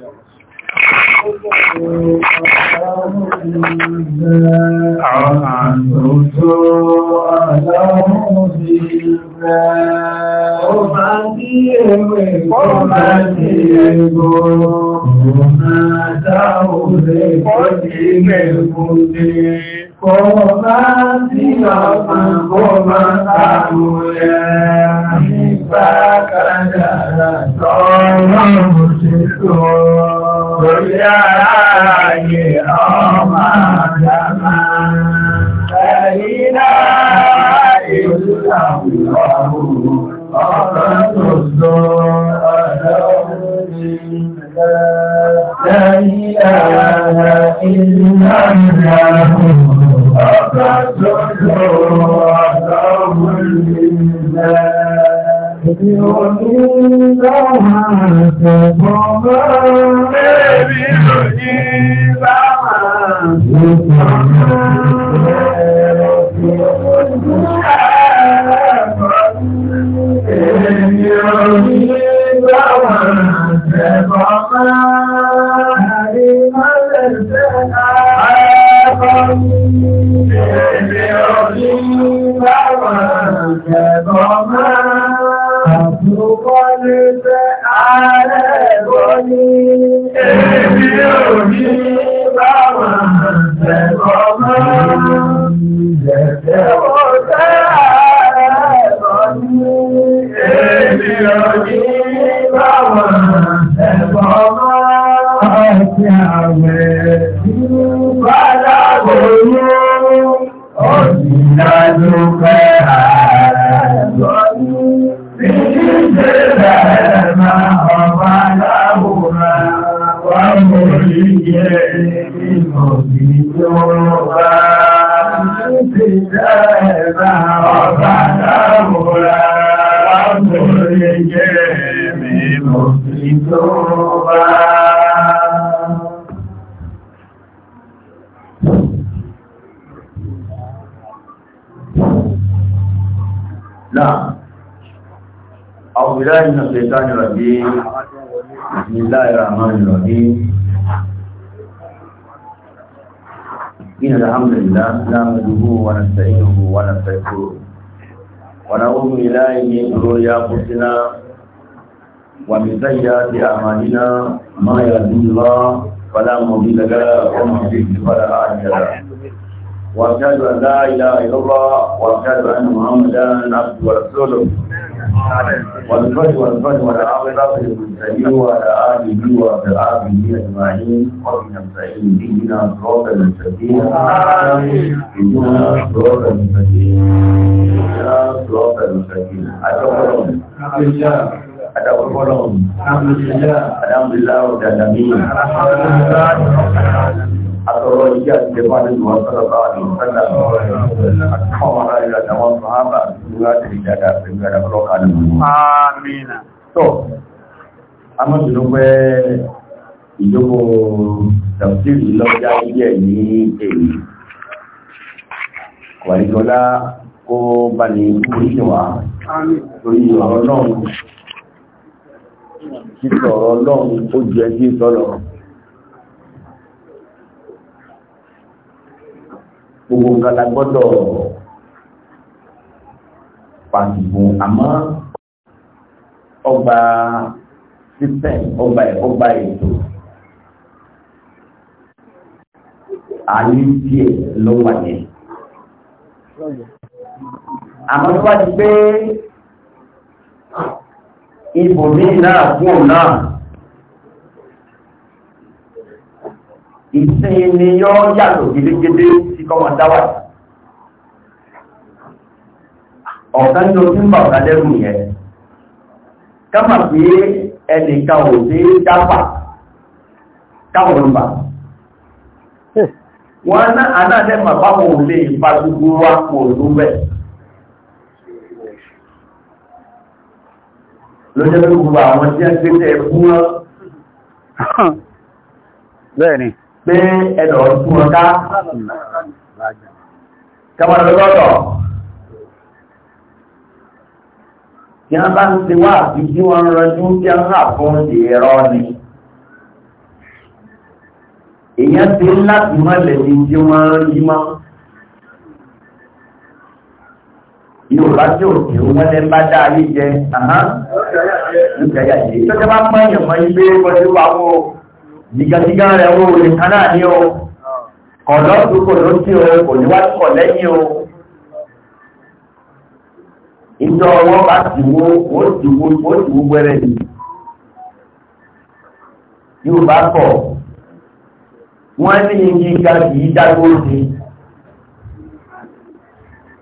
Kọ̀ọ̀má tí ọ̀pàá kọ̀ọ̀má àrùn ẹ̀ bákàdà lọ́rọ̀ òṣèlú lórí ààyè ọmọ àdàmà. Ẹ̀yìnà ìlú àwùjọ ọ̀rọ̀ tó sọ ọ̀rọ̀ òṣèlú. Ẹ̀yìnà ìlú àwùjọ ọ̀rọ̀ tó sọ. Èmi òní láwọn àṣẹ̀gbọ́n máa. Èmi òní láwọn àṣẹ̀gbọ́n máa. Èmi òní. ẹ̀bọ̀ ní èmi ò ní bá wọn ẹ̀bọ̀. بالله من الشيطان الرجيم بسم الله الرحمن الرحيم إن الحمد لله نعمده ونستعينه ونستغفره ونعوذ بالله من شرور أنفسنا ومن سيئات أعمالنا ما يهدي الله فلا مضل له ومن يضلل فلا هادي له وأشهد أن لا إله إلا الله وأشهد أن محمدا عبده ورسوله والفجر والفجر والعاقبة للمتقين وعلى آله وأصحابه أجمعين ومن المتقين بنا صراط المستقيم آمين بنا صراط المستقيم بنا صراط المستقيم أتوكلون أتوكلون الحمد لله الحمد لله رب العالمين àtọ̀rọ̀ ìyá ìjẹba nínú ọ̀sọ̀rọ̀bá àdìsọ́lá àtúnmọ̀ wọn láyé àtàwọn sọ́hábà láti rí dáadáa pẹ̀lú àdàbọ̀lọ́kà nínú. Àmìnà. Tọ́, a mọ́ sí ló pẹ́ ìjókòó tàbílì lọ́jà ilé ní èyí. Kọ̀ìjọlá kó bá ní kúrò ìṣẹ̀wà lórí ọ̀rọ̀ náà. Títọ̀ ọ̀rọ̀ náà ó jẹ́ sí sọ́lọ̀. gbogbo nǹkan la gbọ́dọ̀ pàṣípò àmọ́ ọgbà sísẹ̀ ọgbà ọgbà ètò àní díẹ̀ ló wà yẹn. àmọ́ tó bá ti pé ibòmí náà fún òun náà. ìsìn ni yọ́ yàtọ̀ gidigidi tí kọ́ wọn dáwà ọ̀kan ní ojú ń bà ọ̀kan lẹ́rù yẹn kámà pé ẹnìkan ò sí dápà káwọn bà wọn anáàdẹ́ màbá wọn ò lè ipa gbogbo wa kò ló lójẹ́ gbogbo àwọn tí a gbé tẹ̀ fún wọn bẹ́ẹ̀ pé ẹ̀dọ̀ tún wọn ká kẹwàá lọ́tọ̀ tí wọ́n bá ń ti wá àti tí wọ́n rọjú tí wọ́n hà fún ìrọ́ ni èèyàn ti láti mọ́ lẹ́ni tí wọ́n rí mọ́ Yorùbá tí ò tí wọ́n lẹ́ bá dáa yí jẹ àmá ìjẹyà yìí tó jẹ́ bá pọ́nyẹ̀ mọ́ ilé ìwọ́n tí wà wọ́n jìgàjìgà rẹ̀ owó olùkan náà ní o kọ̀lọ́ tó kò ló sí o kò ní wá kọ̀ lẹ́yìn o ìjọ ọwọ́ bá ti wo ó ti wo ó ti wo wẹ́rẹ́ ni yóò bá kọ̀ wọ́n ní igi ga kìí dágbó sí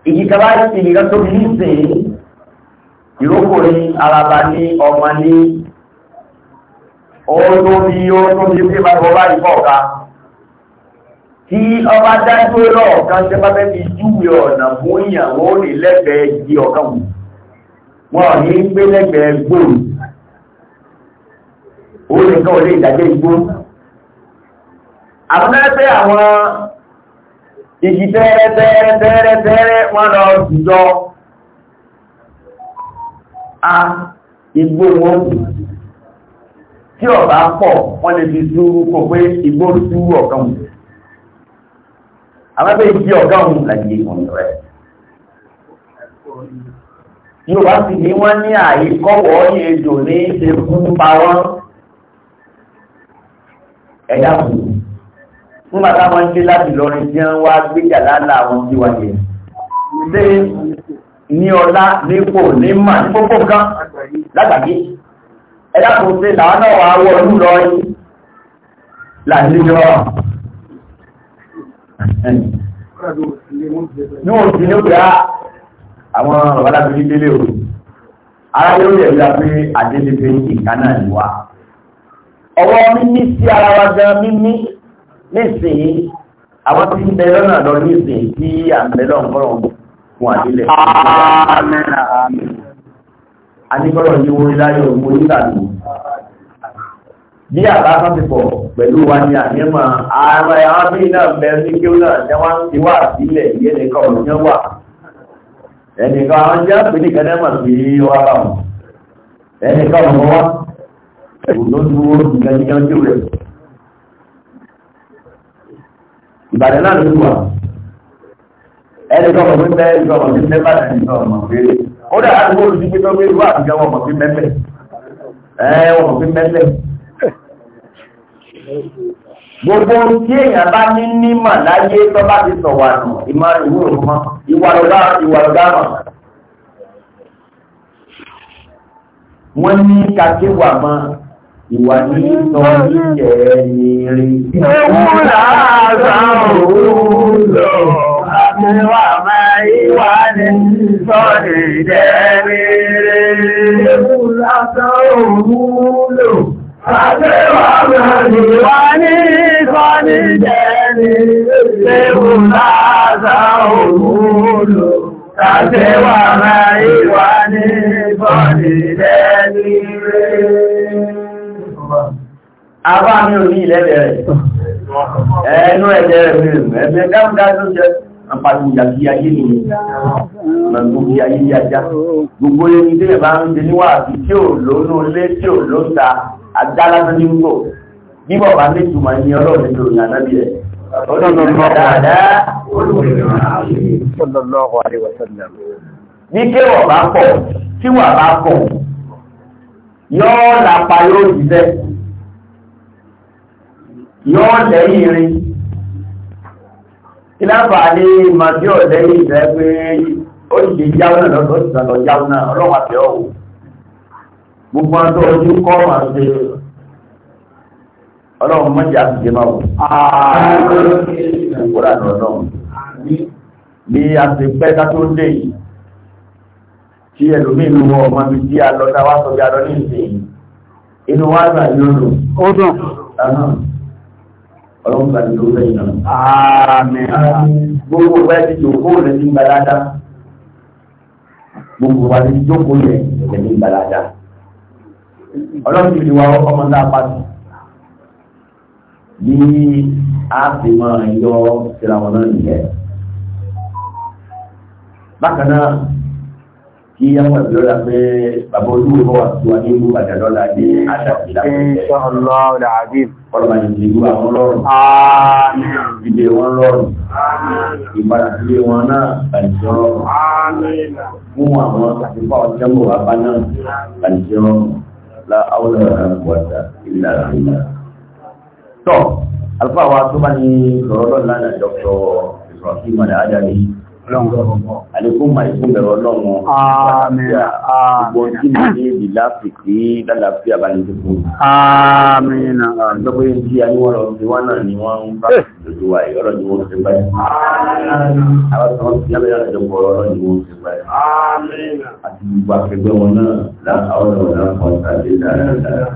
igi bá ti ìgbà tó ní ìsìn ìrókò ní araba ní ọmọ ní ọdún ni ó tó ti fi máa bọ́ báyìí bọ̀ ká tí ọba dájú lọ́ọ̀ kan ṣe bá fẹ́ẹ́ fi júwe ọ̀nà fún ìyàwó ní lẹ́gbẹ̀ẹ́ ìdí ọ̀kan wù wọn ní gbé lẹ́gbẹ̀ẹ́ gbòòrò ó lè kọ́ ilé ìdájẹ́ igbó àwọn ẹgbẹ́ àwọn igi tẹ́rẹ́tẹ́rẹ́tẹ́rẹ́ wọ́n lọ jùjọ a igbó wọn kù tí ọ̀bá pọ̀ wọ́n lè fi súúrú kò pé igbó súúrú ọ̀kan mù àwọn ẹgbẹ́ ìdí ọ̀kan mù làjì ìwọ̀n rẹ̀ yorùbá sì ní wọ́n ní àyè kọ́wọ́ ní ejò ní ṣe fún pa wọ́n ẹ̀dá kù fún bàtà wọn dé láti lọrin tí wọ́n wá gbéjà lálá àwọn tí wọ́n yẹ ṣé ní ọlá nípò ní mà ní gbogbo nǹkan ẹ̀dá kò sí làwọn náà wà á wọ ọdún lọ yìí làdíjọ́ ní òun ti ní ó gbà àwọn babalábí délé o ara yóò yẹ̀ wíwá pé àdélébé ìkànnà ni wá ọwọ́ mímí sí ara wa gan mímí nísìnyí àwọn tí ń bẹ lọ́nà lọ nísìnyí tí à ń bẹ lọ́nà fún àdílẹ̀ anígbọ́rọ̀ ní orí láyọ̀ owó nígbàdì bí àbá kan ti pọ̀ pẹ̀lú wa ni àníyànmọ́ ààrẹ arábí náà bẹ̀rẹ̀ ní kí ó náà jẹ́ wá ń ti wà sílẹ̀ yé nìkan ọ̀rọ̀ yẹn wà ẹnìkan àwọn jẹ́ pé nìkan náà mà sí wá bá wọn ẹnìkan ọ̀rọ̀ wá ló dúró nìkan ní yanjú rẹ̀ ìbàdàn náà ló wà ẹnìkan ọ̀rọ̀ pé bẹ́ẹ̀ ìjọba ti fẹ́ bàtà nìkan ọ̀rọ̀ pé kódà àdúgbò ló ti gbé lọ́wọ́ irú àbíjá wọn mọ̀ sí mẹ́lẹ̀ ẹ̀ wọn mọ̀ sí mẹ́lẹ̀. gbogbo tí èèyàn bá ní nímọ̀ láyé tó bá ti sọ̀wọ́ àdùn ìmọ̀ ìwé òmọ ìwà lọ́dá ìwà lọ́dá mọ̀. wọ́n ní kàkéwà mọ́ ìwà ní sọ ìjẹ́ ẹ̀yìn rí. ewu làásà òun lọ wà máa ìwà ní sọ́dẹ̀ ìdẹ́rẹ́rẹ́. Ewu lásán òun lò, wà máa ìwà ní sọ́dẹ̀ ìdẹ́rẹ́rẹ́. Ewu lásán òun lò, wà máa ìwà ní sọ́dẹ̀ ìdẹ́rẹ́rẹ́. Àbá mi ò ní ilẹ̀ bẹ̀rẹ̀. Ẹnu ẹ̀jẹ̀ rẹ̀ mi, ẹ̀mí káàkiri jẹ́ apariwo yàgí ayé nìyẹn gbogbo bí ayé yájá gbogbo ẹni tí ẹ̀bá ń ṣe níwáàbí tí ò lónú ilé tí ò ló ń ta àgbálásán ní gbò bíbọ̀ bá ní ìtumọ̀ ẹni ọlọ́run tó rìn ànábì ẹ̀ ní kéwọ̀ bá pọ̀ tí wà bá pọ̀ yóò lápa yóò jíṣẹ́ yóò lẹ́yìn rin kíláàbà ní màbí ọ̀lẹ́ ìfẹ́ pé ó ṣe jáwó náà lọ́dọ̀ ìgbà lọ jáwó náà ọlọ́run àti ọ̀hún gbogbo àtọ́ ojú kọ́ máa ṣe ọlọ́run mọ́jà àtijọ́ máa wò kúrò àná ọlọ́run bí a ti pẹ́ ká tó dé yìí tí ẹlòmíín ló wọ ọmọ bíi tí a lọ táwa sọ bí a lọ ní ìsìn inú wa gbà yóò lò ọlọ́run bá ti lọ bẹ́ẹ̀ yàn. àmín. gbogbo wa ti o rẹ̀ ní balada gbogbo wa ti jókòó rẹ̀ ní balada ọlọ́run ti wá ọmọ náà pàtó ní àfihàn ẹ̀yọ́ tìràwọ̀n náà nìyẹn. bákan náà kí yàtọ̀ bí ọ̀la pé bàbá olúwo bá wà tó wà ní ìlú bàjẹ́ lọ́la ní àṣàkì láti ṣe. Inshallah al-azim. ọlọ́mọ ìdílé ìlú àwọn lọ́rùn. ìdílé wọn lọ́rùn. ìbára ìdílé wọn náà bàjẹ́ lọ́rùn. fún àwọn àtìpá ọ̀jẹ́ mọ̀ wá bá náà bàjẹ́ lọ́rùn. la awla quwwata illa billah. tọ́ àlùfáà wa tó bá ní lọ́rọ́ lọ́la Àlékún máa ìfún bẹ̀rọ ọlọ́run. Àmín. Gbogbo tí mi ní ìdí láfìkí lálàáfíà bá ní tuntun. Àmín. Àjọpọ̀ yìí tí aníwọ̀n lọ sí wá náà ni wọ́n ń bá eh. lójú wa yìí ọlọ́run ni wọ́n ti báyìí. Àwọn tí wọ́n ti yábẹ́ yára jọ pọ̀ ọlọ́run ni wọ́n ti báyìí. Àti gbogbo akẹgbẹ́ wọn náà láàárọ̀ náà kan tàbí dáadáa.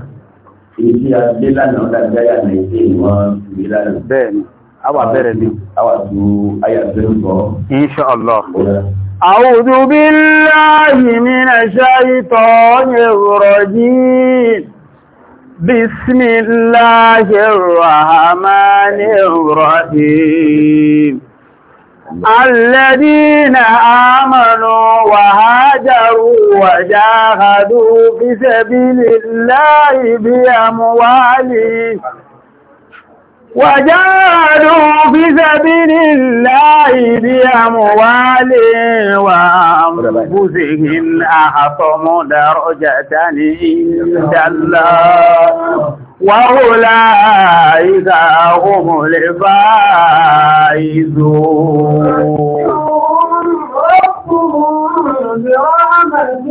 Ibi tí a dé lánàá dájú ayà náà ìṣe ìwọ̀n ìgbélára. Bẹ́ẹ̀ni àwa ah. bẹ̀rẹ̀ ní àwa tó ayàtẹ́ lọ. Insha Allah. A'udhu billahi minash shaytanir rajim. Bismillahir rahmanir rahim. الذين آمنوا وهاجروا وجاهدوا في سبيل الله بأموالهم وجاهدوا في سبيل الله بأموالهم وأنفسهم أعظم درجة عند الله وأولئك هم الفائزون ربهم برحمة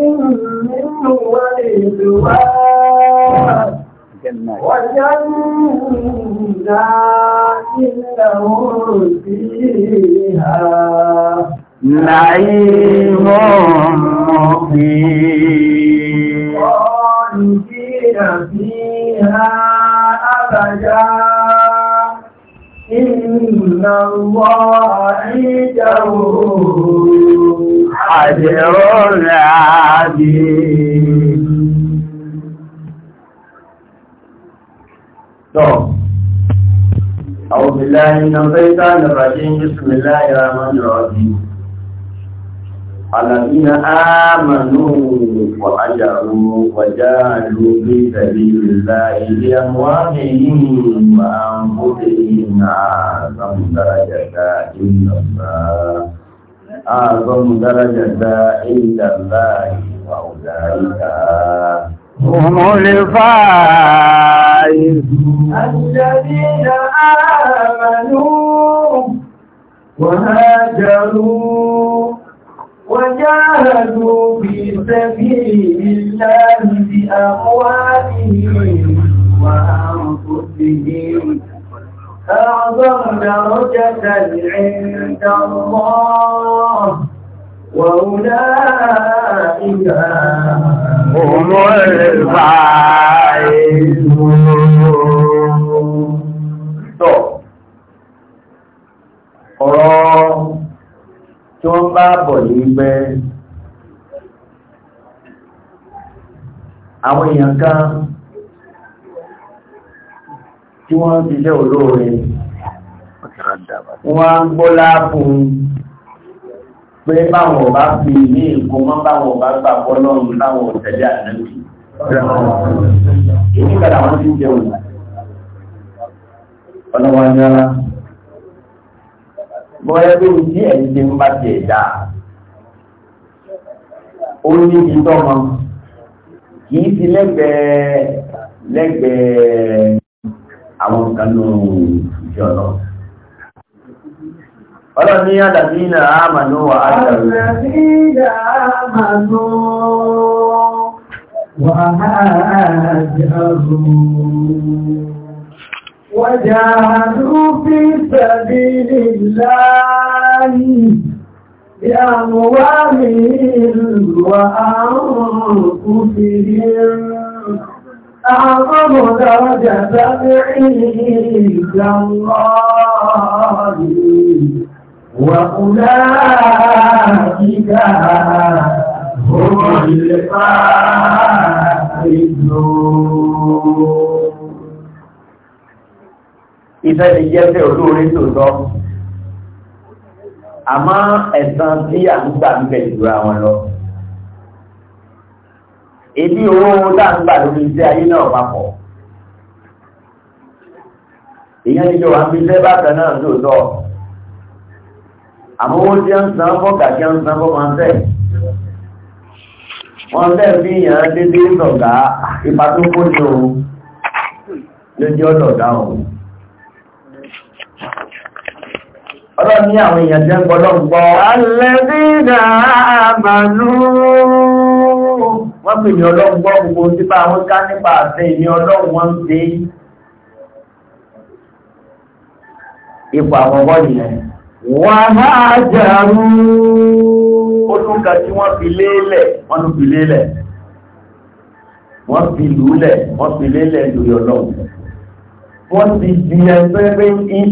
منه ورضوان والجنات وجنات لهم فيها نعيم مقيم خالدين فيها أبدا إن الله عنده حجر عظيم to أعوذ بالله من الشيطان الرجيم بسم الله الرحمن الرحيم الذين آمنوا وأجروا وجاهدوا في سبيل الله بأموالهم وأنفسهم أعظم درجة عند الله أعظم درجة عند الله وأولئك هم الفائزون الذين آمنوا وهاجروا وجاهدوا في سبيل الله بأموالهم وأنفسهم أعظم درجة عند الله وأولئك هم الفائزون ọ̀rọ̀ tí wọ́n bá bọ̀ ní pé àwọn èèyàn kan tí wọ́n ti jẹ́ olóore wọ́n á ń gbọ́ láàbùn pé báwọn ọba fi ní ìkó mọ́ báwọn ọba gbà bọ́lọ́run láwọn ọ̀tẹ̀lẹ̀ ànábì èyí kàdà wọ́n ti jẹ́ òun ọlọ́wọ́ nyọ́lá bọ́yá tó ti ẹ̀yí ti ń bá ti ẹ̀dá ó ní ibi tọ́mọ kì ti lẹ́gbẹ̀ẹ́ lẹ́gbẹ̀ẹ́ àwọn kanú ìjọ náà ọlọ́run ní àdàbínà àmànú wà ádàrú وجاهدوا في سبيل الله بأموالهم وأنفسهم أعظم درجة عند الله وأولئك هم الفائزون Iṣẹ́ ni jẹ́ fẹ́ olóorí tòótọ́. Àmọ́ ẹ̀san tí à ń gbà ń bẹ̀ ìdúra wọn lọ. Èbí owó tá ń gbà lórí iṣẹ́ ayé náà papọ̀. Ìyẹn ni jọ wà ń fi iṣẹ́ bákan náà tòótọ́ àmọ́ wọ́n jẹ́ ń san fọ́kà jẹ́ ń san fọ́mọ tẹ̀ wọ́n tẹ̀ fi yàn dédé sọ̀gá ipa tó kó ní òun lójú ọ̀dọ̀ dáhùn ọlọ́run ní àwọn èèyàn jẹ́ gbọ́lọ́gbọ́ alẹ́dínà àmàlú wọ́n pè ní ọlọ́gbọ́ gbogbo sípa àwọn ká nípa àti ìní ọlọ́run wọ́n ń ṣe ipò àwọn ọgbọ́n nìyẹn wàhájàrú ó túnka tí wọ́n fi lélẹ̀ wọ́n tún fi lélẹ̀ wọ́n fi lúlẹ̀ wọ́n fi lélẹ̀ lórí ọlọ́run wọ́n ti di ẹgbẹ́ pé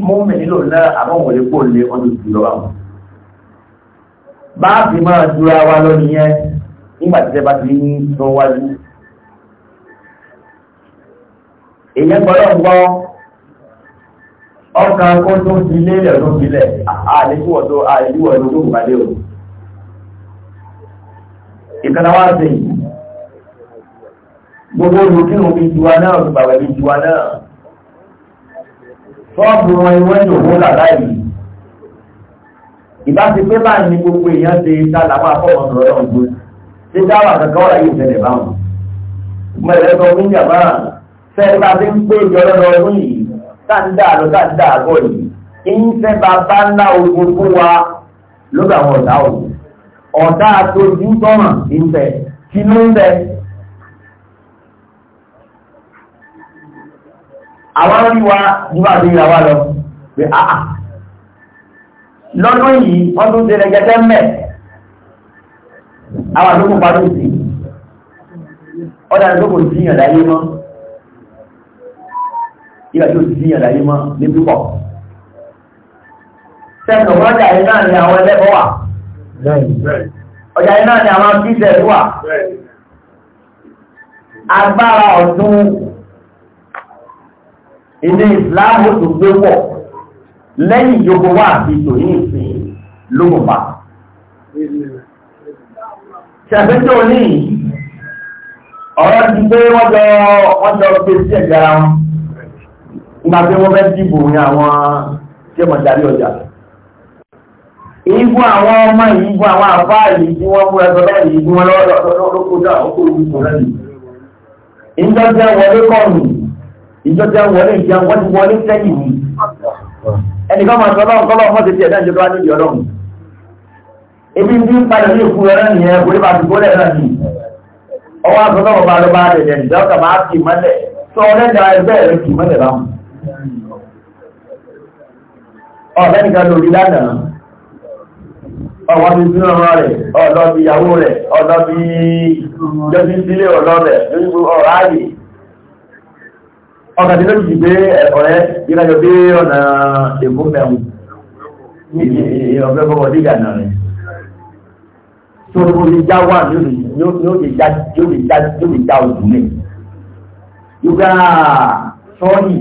mọ́mí nílò náà àbọ̀wò lè kó lé wọ́n tún fi lọ́wọ́ àwọn báàbí máa dúra wa lọ nìyẹn nígbà tí ẹ bá ti ń sọ wájú ọkà kó tó fi lélẹ̀ tó fi lẹ̀ àìlúwọ̀ tó àìlúwọ̀ ló tó gbàdé o ìkànnàwà sí gbogbo olùkírun bí tiwa náà gbàgbẹ́ bí tiwa náà fọ́ọ̀bù wọn ìwé ìyòwó làlá yìí ìbá ti pé báyìí ni gbogbo èèyàn ṣe ta làwọn afọ́mọ sọ̀rọ̀ náà gbé ṣé dáwà kankan wà yìí ìṣẹ̀lẹ̀ báwọn mo ẹ̀rẹ́ sọ fún yàrá fẹ́ẹ́ bá ti ń pé ìjọ lọ́dọọdún yìí táǹdà lọ táǹdà àgọ́ yìí ń fẹ́ bàbá ńlá ogun fún wa lórí àwọn ọ̀dà òun ọ̀dà àtòjú tọ́nà ń kí ló ń bẹ́ àwọn rí wa jùlọ àti ìyàwó lọ pé àà ah, ah. lọ́dún yìí wọ́n tún ṣe lẹ́gẹ́dẹ́ mẹ́ àwọn àdókò parí sí ọ̀dà àdókò jíyàn mọ́ ìgbà tí ó ti yàn láyé mọ́ ní púpọ̀. Sẹ́nu ọjà yìí náà ni àwọn ẹlẹ́bọ̀ wà. Ọjà yìí náà ni àwọn bíṣẹ̀ wà. Agbára ọ̀tún ilé ìsìláàmù tó gbé pọ̀ lẹ́yìn ìjọba wà àti ìtò ìsìn ló mọ̀ ní ọ̀rọ̀ ti gbé wọ́n jọ wọ́n jọ gbé sí ẹ̀gbẹ́ ara wọn ìgbà tí wọ́n fẹ́ dìbò ní àwọn tí wọ́n darí ọjà. Ìbú àwọn ọmọ yìí bú àwọn àbá yìí tí wọ́n mú ẹgbẹ́ náà yìí bú wọn lọ́kọ̀ọ́dá ọkọ̀ òwúkọ̀ náà yìí. Ìjọ jẹ́ wọlé kọ́ọ̀nù, ìjọ jẹ́ wọlé ìjẹ́ wọ́n ti wọlé sẹ́yìn yìí. Ẹnìkan máa sọ lọ́run kọ́lọ́ fún tètè ẹ̀dá ìjọba níbi ọ̀rọ̀ mi. Ebi ń bí ń padà ní ìfún ẹ̀rọ nìyẹn, kò ní bá ti gbólẹ̀ náà yìí. Ọwọ́ àtọ́lọ́wọ́ bá lọ bá dẹ̀dẹ̀ ìjọ́ kà máa kì mọ́lẹ̀. Sọ ọ̀rẹ́dà ẹgbẹ́ rẹ̀ kì mọ́lẹ̀ báwọn ọ̀lẹ́nìkan lórí lánàá ọwọ́n ti sínú ọmọ rẹ̀ ọ̀dọ́ bí ìyàwó rẹ̀ ọ̀dọ́ bí jẹ́bí sílé ọ̀dọ́ rẹ̀ lórí ọ̀rọ̀ ààyè ọkàtí ló jì pé ọ̀rẹ́ ìrìnàjò dé ọ̀nà èkó mẹ́rin ní yóò tọ́ọ̀nì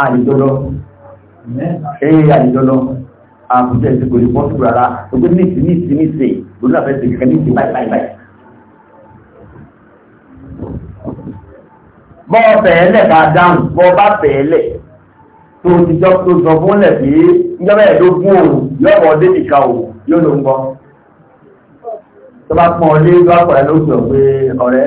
àìjọlọ ẹ̀yẹ àìjọlọ àbújá ìsìnkò lè pọ́sù rárá ogun ní ìsìn ní ìsìn ní ìsìn lórí àfẹ́sì kẹ́kẹ́ ní ìsìn báyìí báyìí báyìí. bọ́ bẹ̀ẹ́lẹ̀ bá dáhùn bọ́ bá bẹ̀ẹ́lẹ̀ tó ti jọ tó sọ fún lẹ̀ pé ìjọba ẹ̀ẹ́dógún òòrùn yóò bọ̀ dé nìka òòrùn yóò ló ń bọ́. tó bá pọ̀ lé lọ́pọ̀ ẹ̀ ló sọ pé ọ̀rẹ́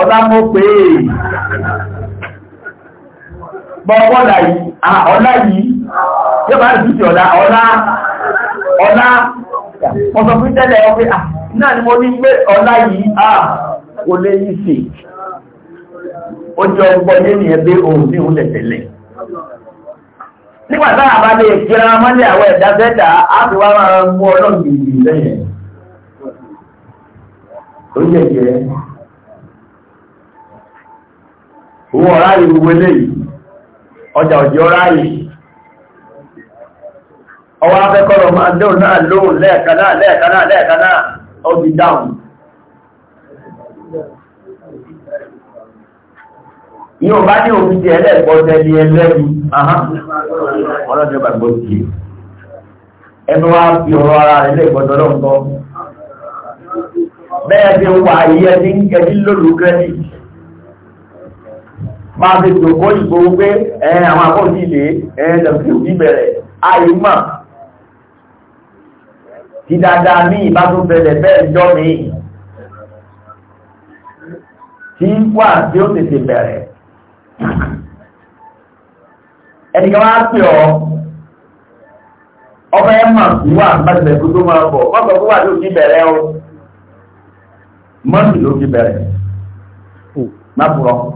ị mọ́ pé bọ́ọ̀bọ́lá yìí ọlá yìí yóò bá rí ọlá ọlá ọlá ọ̀sọ̀ fún tẹ́lẹ̀ ọ̀fẹ́ náà ni mo ní ọlá yìí ah lè yìí sí ó ọgbọ́ ní ẹgbẹ́ ohun tẹ́lẹ̀ owó ọ̀ráyì gbogbo eléyìí ọjà òjì ọ̀ráyì ọwọ́ afẹ́kọ́lọ máa lóò náà lóò lẹ́ẹ̀kanáà lẹ́ẹ̀kanáà lẹ́ẹ̀kanáà ó ti dáhùn ní ọba ní òfin ti ẹlẹ́ẹ̀kọ́tẹ́ ní ẹlẹ́rú ọlọ́dún sí ẹnu fi ara bá a ti jòkó ìgbò pé ẹ àwọn akọ́ọ̀dì ilé ẹ lẹ́fíù ti bẹ̀rẹ̀ ayé mọ̀ ti dáadáa ní ìbátún bẹ̀rẹ̀ bẹ́ẹ̀ jọ́ mi tí wà tí ó tètè bẹ̀rẹ̀ ẹnìkan wá pè ọ́ ọmọ ẹ mà sí wà bàtìlẹ̀ kó tó máa bọ̀ mọ́tò kó wà ló ti bẹ̀rẹ̀ o mọ́tò ló ti bẹ̀rẹ̀ má purọ́.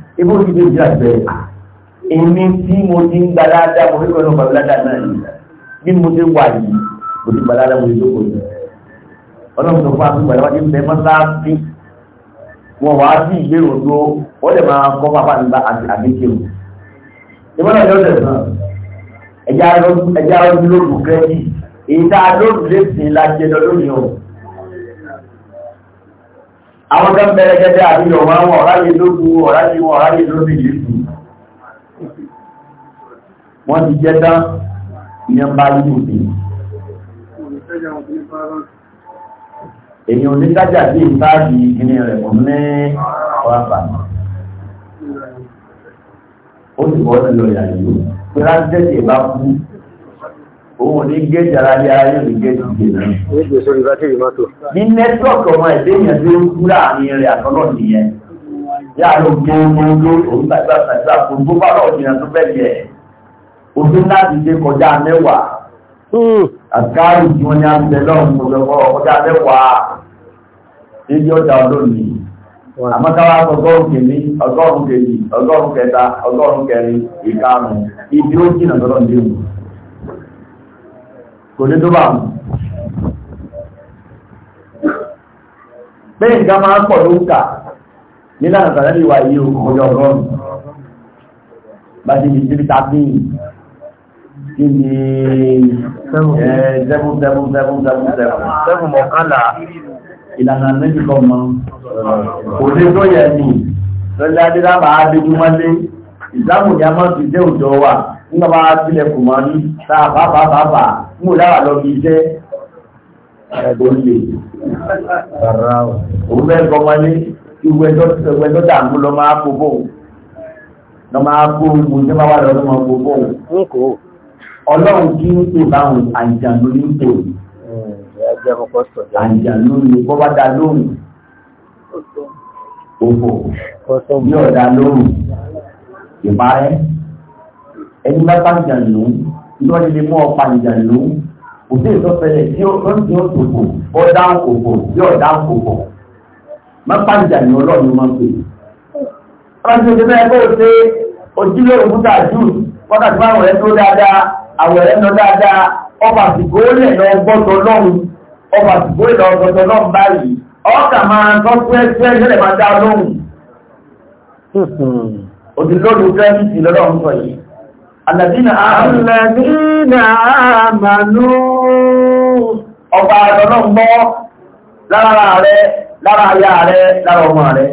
ibú ti dé jà bẹ́ẹ̀ èmi tí mo ti ń gba dáadáa mo fi kọ́ ẹnu pàdé dáadáa náà yìí bí mo ti wà yìí mo ti gba dáadáa mo ti dókòó yìí ọlọ́run tó fún àtúgbà lọ́wọ́ ti ń bẹ mọ́sáàfin wọn wàá sí ìgbéró tó wọ́n lè máa kọ́ bàbá nígbà àbíkẹ́wò ìmọ̀lẹ̀ yóò dẹ̀ náà ẹ̀já ọdún lóògùn kẹ́ẹ̀kì èyí tá a lóògùn lè sìn láti àwọn tó ń bẹ̀rẹ̀ gẹ́gẹ́ àbí ọmọ àwọn ọ̀ráyé lógún ọ̀ráyé wọn ọ̀ráyé lórí yìí wọ́n ti jẹ́ tán ìyẹn bá yìí òdì èyàn onítájà sí ìtaàdì ìgbìnì rẹ̀ fún ní ọ̀rápà ó sì bọ́ sí lọ ìyàyò pé ráńtẹ́sì bá kú òun ní géèjì aráyé aráyé ní géèjì ìgbè náà. ní gbèsè orí bátìrì mọ́tò. ní nẹ́tíwọ̀kì ọmọ ẹ̀dẹ́ yẹn tó ń kú láàrin rẹ̀ àtọ́lọ́ nìyẹn. yá ló òun gbàgbà gbàgbà gbogbo bá lọ jìnnà tó fẹ́ ojú láti dé kọjá mẹ́wàá. Hmm. àkáàrù tí wọ́n ní lọ́wọ́ kọjá mẹ́wàá. níbi ọjà ìkarùn-ún ibi ó jìnnà lọ́dọ̀ kò ní tó bá mú pé nǹkan máa pọ̀ ló ń kà nílànà tàbí ìwà yìí ọjọ́ ọgọ́rùn-ún bá ti di síbi tàbíyìn kí ni seven seven seven seven seven seven mọ̀kànlá ìlànà méjì kan mọ́ kò ní tó yẹ ni lọ́lẹ́ adé lábàá adéjúmọ́lé ìsáàmù ni a máa fi dé òjò wa nígbà bá tilẹ̀ kù mọ́ ní sáà bàbà bàbà mú láwà lọ bí iṣẹ́ ẹ̀gbọ́ lè òun bẹ́ẹ̀ gbọmọlé ìwé ẹjọ́ tà ń lọ máa kó bóun lọ máa kó mu ní bá wà lọ lọ máa kó bóun ọlọ́run kí ń pè báwọn àjànú ní pè àjànú ní bọ́ bá dá lóhùn òfò bí ẹni bá bá ìjànú ìjọba ti lè mú ọ̀pá ìjànú òbí ìtọ́sẹ̀lẹ̀ tí ó ń tí ó tòkò ó dáhùn kòkò tí ó dáhùn kòkò má bá ìjànú ọlọ́run máa ń pè. ọlọ́run ti bẹ́ẹ̀ kó o ṣe ojúlówó múta jù kọ́tà tí wọ́n rẹ̀ tó dáadáa àwọ̀ rẹ̀ lọ dáadáa ọba àsìkò lẹ̀ lọ gbọ́dọ̀ lọ́run ọba àsìkò lẹ̀ lọ gbọ́dọ̀ lọ́run báyìí hmm. ti lọ́dọ̀ ń sọ yìí. Àlàdínà àmànú ọba àtọ̀nà ń bọ́ lára rẹ̀, lára ayá rẹ̀, lára ọmọ rẹ̀.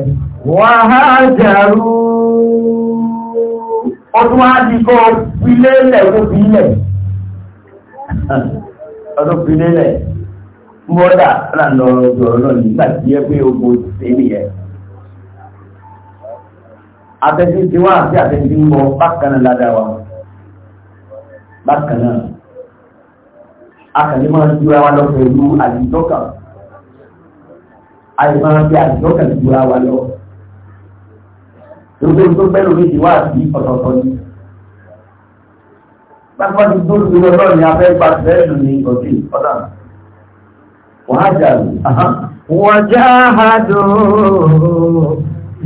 Wà á jẹ̀rú. Ó tún ilé ilẹ̀ tó fi ilẹ̀. Ọdún fi ilé ilẹ̀. Mọ́dà láàrín ọjọ́ náà nígbà tí ẹ pé ogun ṣe nìyẹn àtẹ̀sí tí wọ́n àti àtẹ̀sí ń bọ̀ bákan náà bákan akàlẹ́ máa ń dúra wa lọ pẹ̀lú àdìjọ́kàn àyè máa ń fi àdìjọ́kàn dúra wa lọ lórí tó bẹ́rù mi ti wá sí ọ̀tọ̀ọ̀tọ̀ ni pápá ti tó ti lọ lọ́rùn abẹ́ gba bẹ́ẹ̀lù ní ọ̀sẹ̀ ọ̀dà wọ́n jà lù. wọ́n já àdó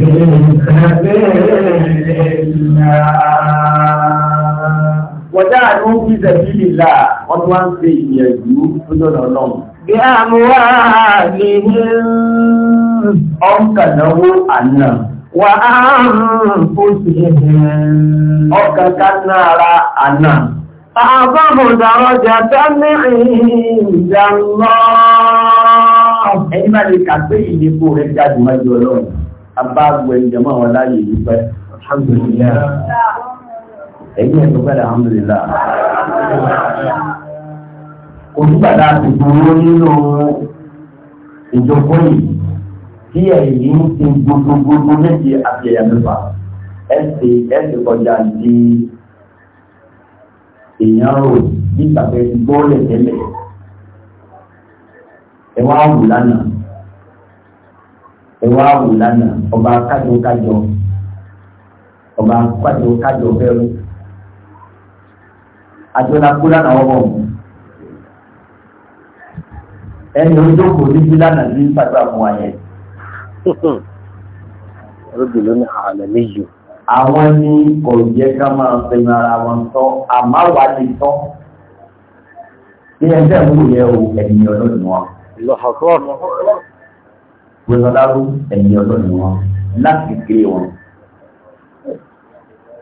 ìkàlẹ̀ ìlà. Wọ̀dá àánú fi sẹ̀bílì láà, wọ́n tó wá ń ṣe ìyẹ̀jú tó jọ́nà ọlọ́run. Bí a mú wá ní ọkànáwó àná. Wà á ń fò sí ọkàkáná ara àná. Àbábò dàrọjà dámẹ́rin ìjàmọ́. Ẹni bá lè kà pé ìdíkò rẹ̀ jáde mọ́jú ọlọ́run. Abáàgbẹ̀ ìjọmọ́ wọn láyé yìí Alhamdulillah ẹ̀yìn ẹ̀ tó bẹ̀rẹ̀ alhamdulillah òtúgbàdá ti dúró nínú ìjókòó yìí tí ẹ̀yìn ti gbogbogbò méje àti ẹ̀yà mẹ́fà ẹ̀sẹ̀ ẹ̀sẹ̀ kọjá di èèyàn rò nígbà pé gbọ́ọ̀lẹ̀ tẹ́lẹ̀ ẹ̀wá wù lánàá ẹ̀wá wù lánàá ọba kájọ kájọ ọba kájọ kájọ fẹ́ràn àti ọ̀nàkú lánàá ọmọ òun ẹni ojú kò ní bí lánàá ní pàtàkì àwọn àyẹ̀. rúbìlú ní àlẹ́ méjì. àwọn ní kò yẹ ká máa fẹnu ara wọn sọ àmọ́ wàá ti sọ bí ẹ fẹ́ mú yẹ o ẹ̀yìn ọlọ́run wọn. lọ́hàkọ́. wọ́n lọ́dá ẹ̀yìn ọlọ́run wọn láti kiri wọn.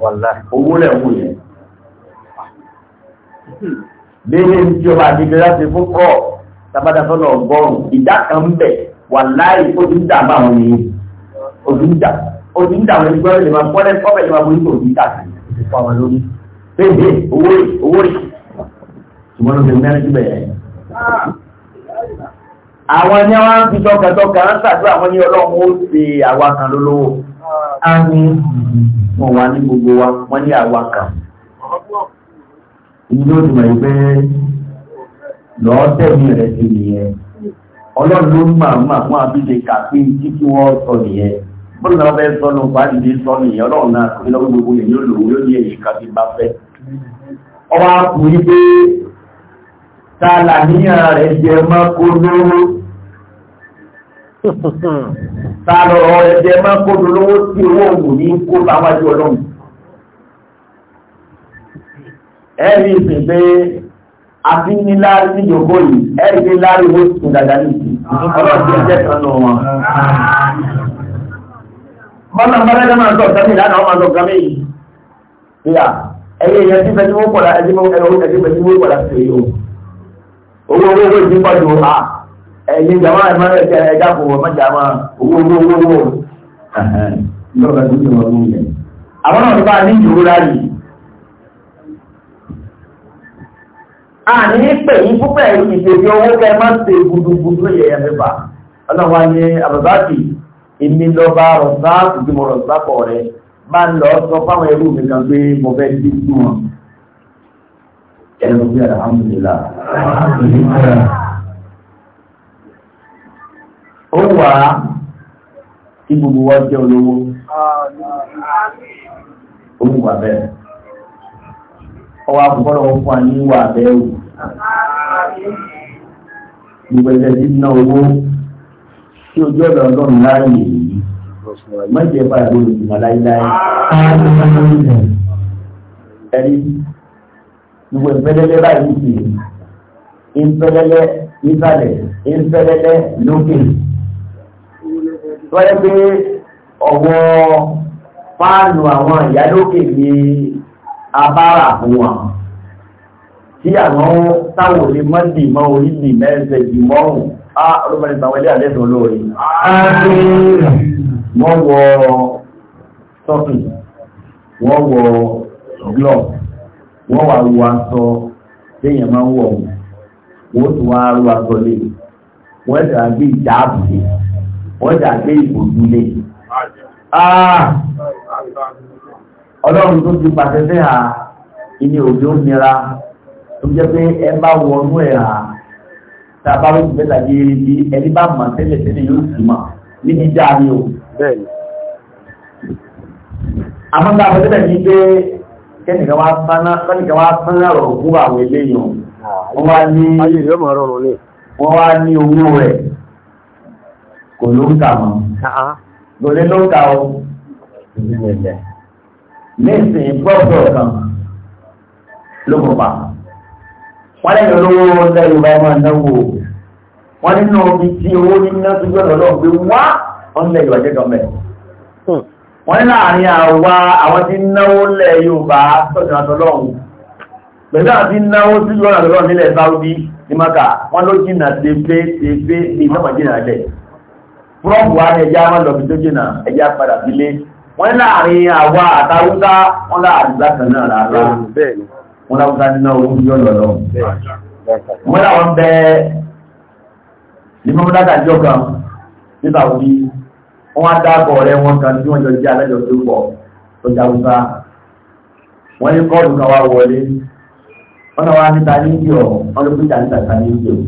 owó rẹ̀ wù yẹn léèrè tí ọba àdìgbẹ́ láti fún kọ́ tábàdà sọ́nà ọgọ́rùn-ún ìdá kan ń bẹ̀ wà láì ó ti ń dà bá àwọn ènìyàn ó ti ń dà ó ti ń dà àwọn máa pọ́lẹ́ kọ́bẹ̀ lè máa borí kò ní àwọn lórí bẹ́ẹ̀ fi mẹ́rin ń ṣàdúrà wọn ní ọlọ́run ó ṣe àwa kan lólówó. àmín wọ́n wá ní gbogbo wa wọ́n ní àwákà kan ìlú ti mọ̀ pé lọ́ọ́ tẹ̀mí rẹ̀ sí nìyẹn ọlọ́run ló ń mọ̀ mọ̀ fún àbílẹ̀ kàfí tí kí wọ́n sọ nìyẹn bọ́lá náà fẹ́ sọ ló bá sọ ọlọ́run náà kò ní lọ́wọ́ gbogbo yẹn yóò yóò ní èyí kàfí bá fẹ́ ọwọ́ pé ta lọ̀rọ̀ ẹ̀jẹ̀ máa kó lówó tí owó ògùn ní kó láwájú ọlọ́run. ẹ̀rí ìsìn pé àbí ní láàrín ní yòókó yìí ẹ̀rí ní láàrín owó tuntun dàda ní ìsìn ọlọ́run ti jẹ́ kan nù wọn. mọ́nà mọ́lẹ́dẹ́ máa ń sọ gami lánàá máa ń sọ gami yìí. ìyá ẹ̀yẹ ìyẹn tí fẹ́ẹ́ tí wọ́n kọ̀ la ẹ̀jẹ̀ mọ́ ẹ̀rọ ẹ̀jẹ̀ mọ́ ẹ̀jẹ̀ mọ́ ẹ̀jẹ̀ mọ́ ẹ̀jẹ̀ mọ́ ẹ̀jẹ̀ mọ́ ẹ̀jẹ̀ mọ́ ẹ̀jẹ̀ mọ́ ẹ̀jẹ̀ mọ́ ẹ̀jẹ̀ mọ́ ẹ̀jẹ̀ mọ́ ẹ̀jẹ̀ mọ́ ẹ̀jẹ̀ mọ́ ẹ̀jẹ̀ mọ́ ẹ̀jẹ̀ mọ́ ẹ̀jẹ̀ mọ́ ẹ̀jẹ̀ mọ́ ẹ̀jẹ̀ ẹ̀yin jàmá ìmọ̀lẹ́ ẹ̀kẹ́ ẹ̀dá kò wọ́n jàmá owó owó owó owó lọ́gbà tó ti wọ́n lóye. àwọn náà bá ní ìrora yìí. a ní pè yí púpọ̀ ẹ̀rù ìṣèjì owó kẹ́ máa ń ṣe gudugudu yẹ̀yẹ̀ mẹ́fà ọlọ́wà ní àbàbáàkì èmi lọ́ba rọ̀sá ìgbìmọ̀ rọ̀sá kọ̀ rẹ̀ máa ń lọ sọ fáwọn ẹrú mi kan pé mo fẹ́ dé sí wọn. ẹ̀rọ bí alhamdulillah ó wà á kí gbogbo wa jẹ́ olówó ó wù wà bẹ́ẹ̀ ọwọ́ àkọ́kọ́ lọ́wọ́ fún wa ní wà bẹ́ẹ̀ wù gbogbo ẹgbẹ́ tí ná owó tí ojú ọ̀dọ̀ ọlọ́run láàyè yìí mọ̀jẹ̀ bá ìlú olùdìmọ̀ láíláí ẹ̀rí gbogbo ìpẹ́lẹ́lẹ́ báyìí sì ìpẹ́lẹ́lẹ́ nísàlẹ̀ ìpẹ́lẹ́lẹ́ lókè tó yẹ pé ọ̀wọ́ fáànù àwọn ìyálókè ní abára fún wọn tí àwọn táwọn olè mọ́ndì mọ́ orí ní mẹ́rẹ̀ẹ́sẹ̀ jù mọ́rùn á ọlọ́pàá nípa wọlé àlẹ́sùn olóore wọ́n wọ tọ́kì wọ́n wọ glove wọ́n wà wọ aṣọ téèyàn máa ń wọ̀ wọ́n tún wá rú aṣọ lé wọ́n ẹ̀sẹ̀ àgbé ìjáàbù wọ́n dàgbé ìbòjúlé. Ah! Ọlọ́run tó ti pàṣẹ fẹ́ ha ilé òjò nira tó jẹ́ pé ẹ bá wọnú ẹ̀ ha tàbá ló ti fẹ́ tàbí erébí ẹni bá mọ̀ tẹ́lẹ̀ tẹ́lẹ̀ yóò sì mọ̀ ní jíjá ni o. Àmọ́ tá a fẹ́ tẹ́lẹ̀ ní pé kẹ́nìkan wá sán náà rọrùn fún àwọn eléyàn. Ah, wọ́n wá ní owó rẹ̀ kò ló ń kà mọ́ kò lè ló ń kà ó nísìnyí gbọ́dọ̀ kan ló kò pa wọ́n lẹ́nu olówó lẹ́yìn ọba ẹ̀mọ́ ìnáwó wọ́n nínú omi tí owó níná tó gbọ́dọ̀ lọ gbé wá wọ́n lẹ́yìn ọjọ́ kan bẹ̀. Hmm. wọ́n ní láàrin àwa àwọn tí náwó lẹ̀ Yorùbá sọ̀tún àtọ́lọ́hún pẹ̀lú àti náwó sí Yorùbá àtọ́lọ́hún nílẹ̀ Saudi ní Maka wọ́n ló jìnnà tẹ́fẹ́ tẹ́fẹ́ ní ìsọ́mọ̀jìnnà lẹ̀ búrọ́ọ̀bù wa ní ẹja máa lọ́bi tó jìnà ẹja padà sílé wọ́n láàrin àwa àtàwùsá wọ́n láàrin bákan náà rárá wọ́n láwùsá nínú owó yọ lọ́lọ́ wọ́n láwọn bẹ ní mọ́mọ́dáka ìjọ kan nígbà òbí wọ́n á dáàbọ̀ rẹ wọn kan tí wọ́n jọ jẹ́ alájọ tó pọ̀ tó jáwùsá wọ́n ní kọ́ọ̀lù kan wá wọlé wọ́n náà wá níta ní ìdí ọ̀ wọ́n ló fún ìdá níta ní ìdí ọ̀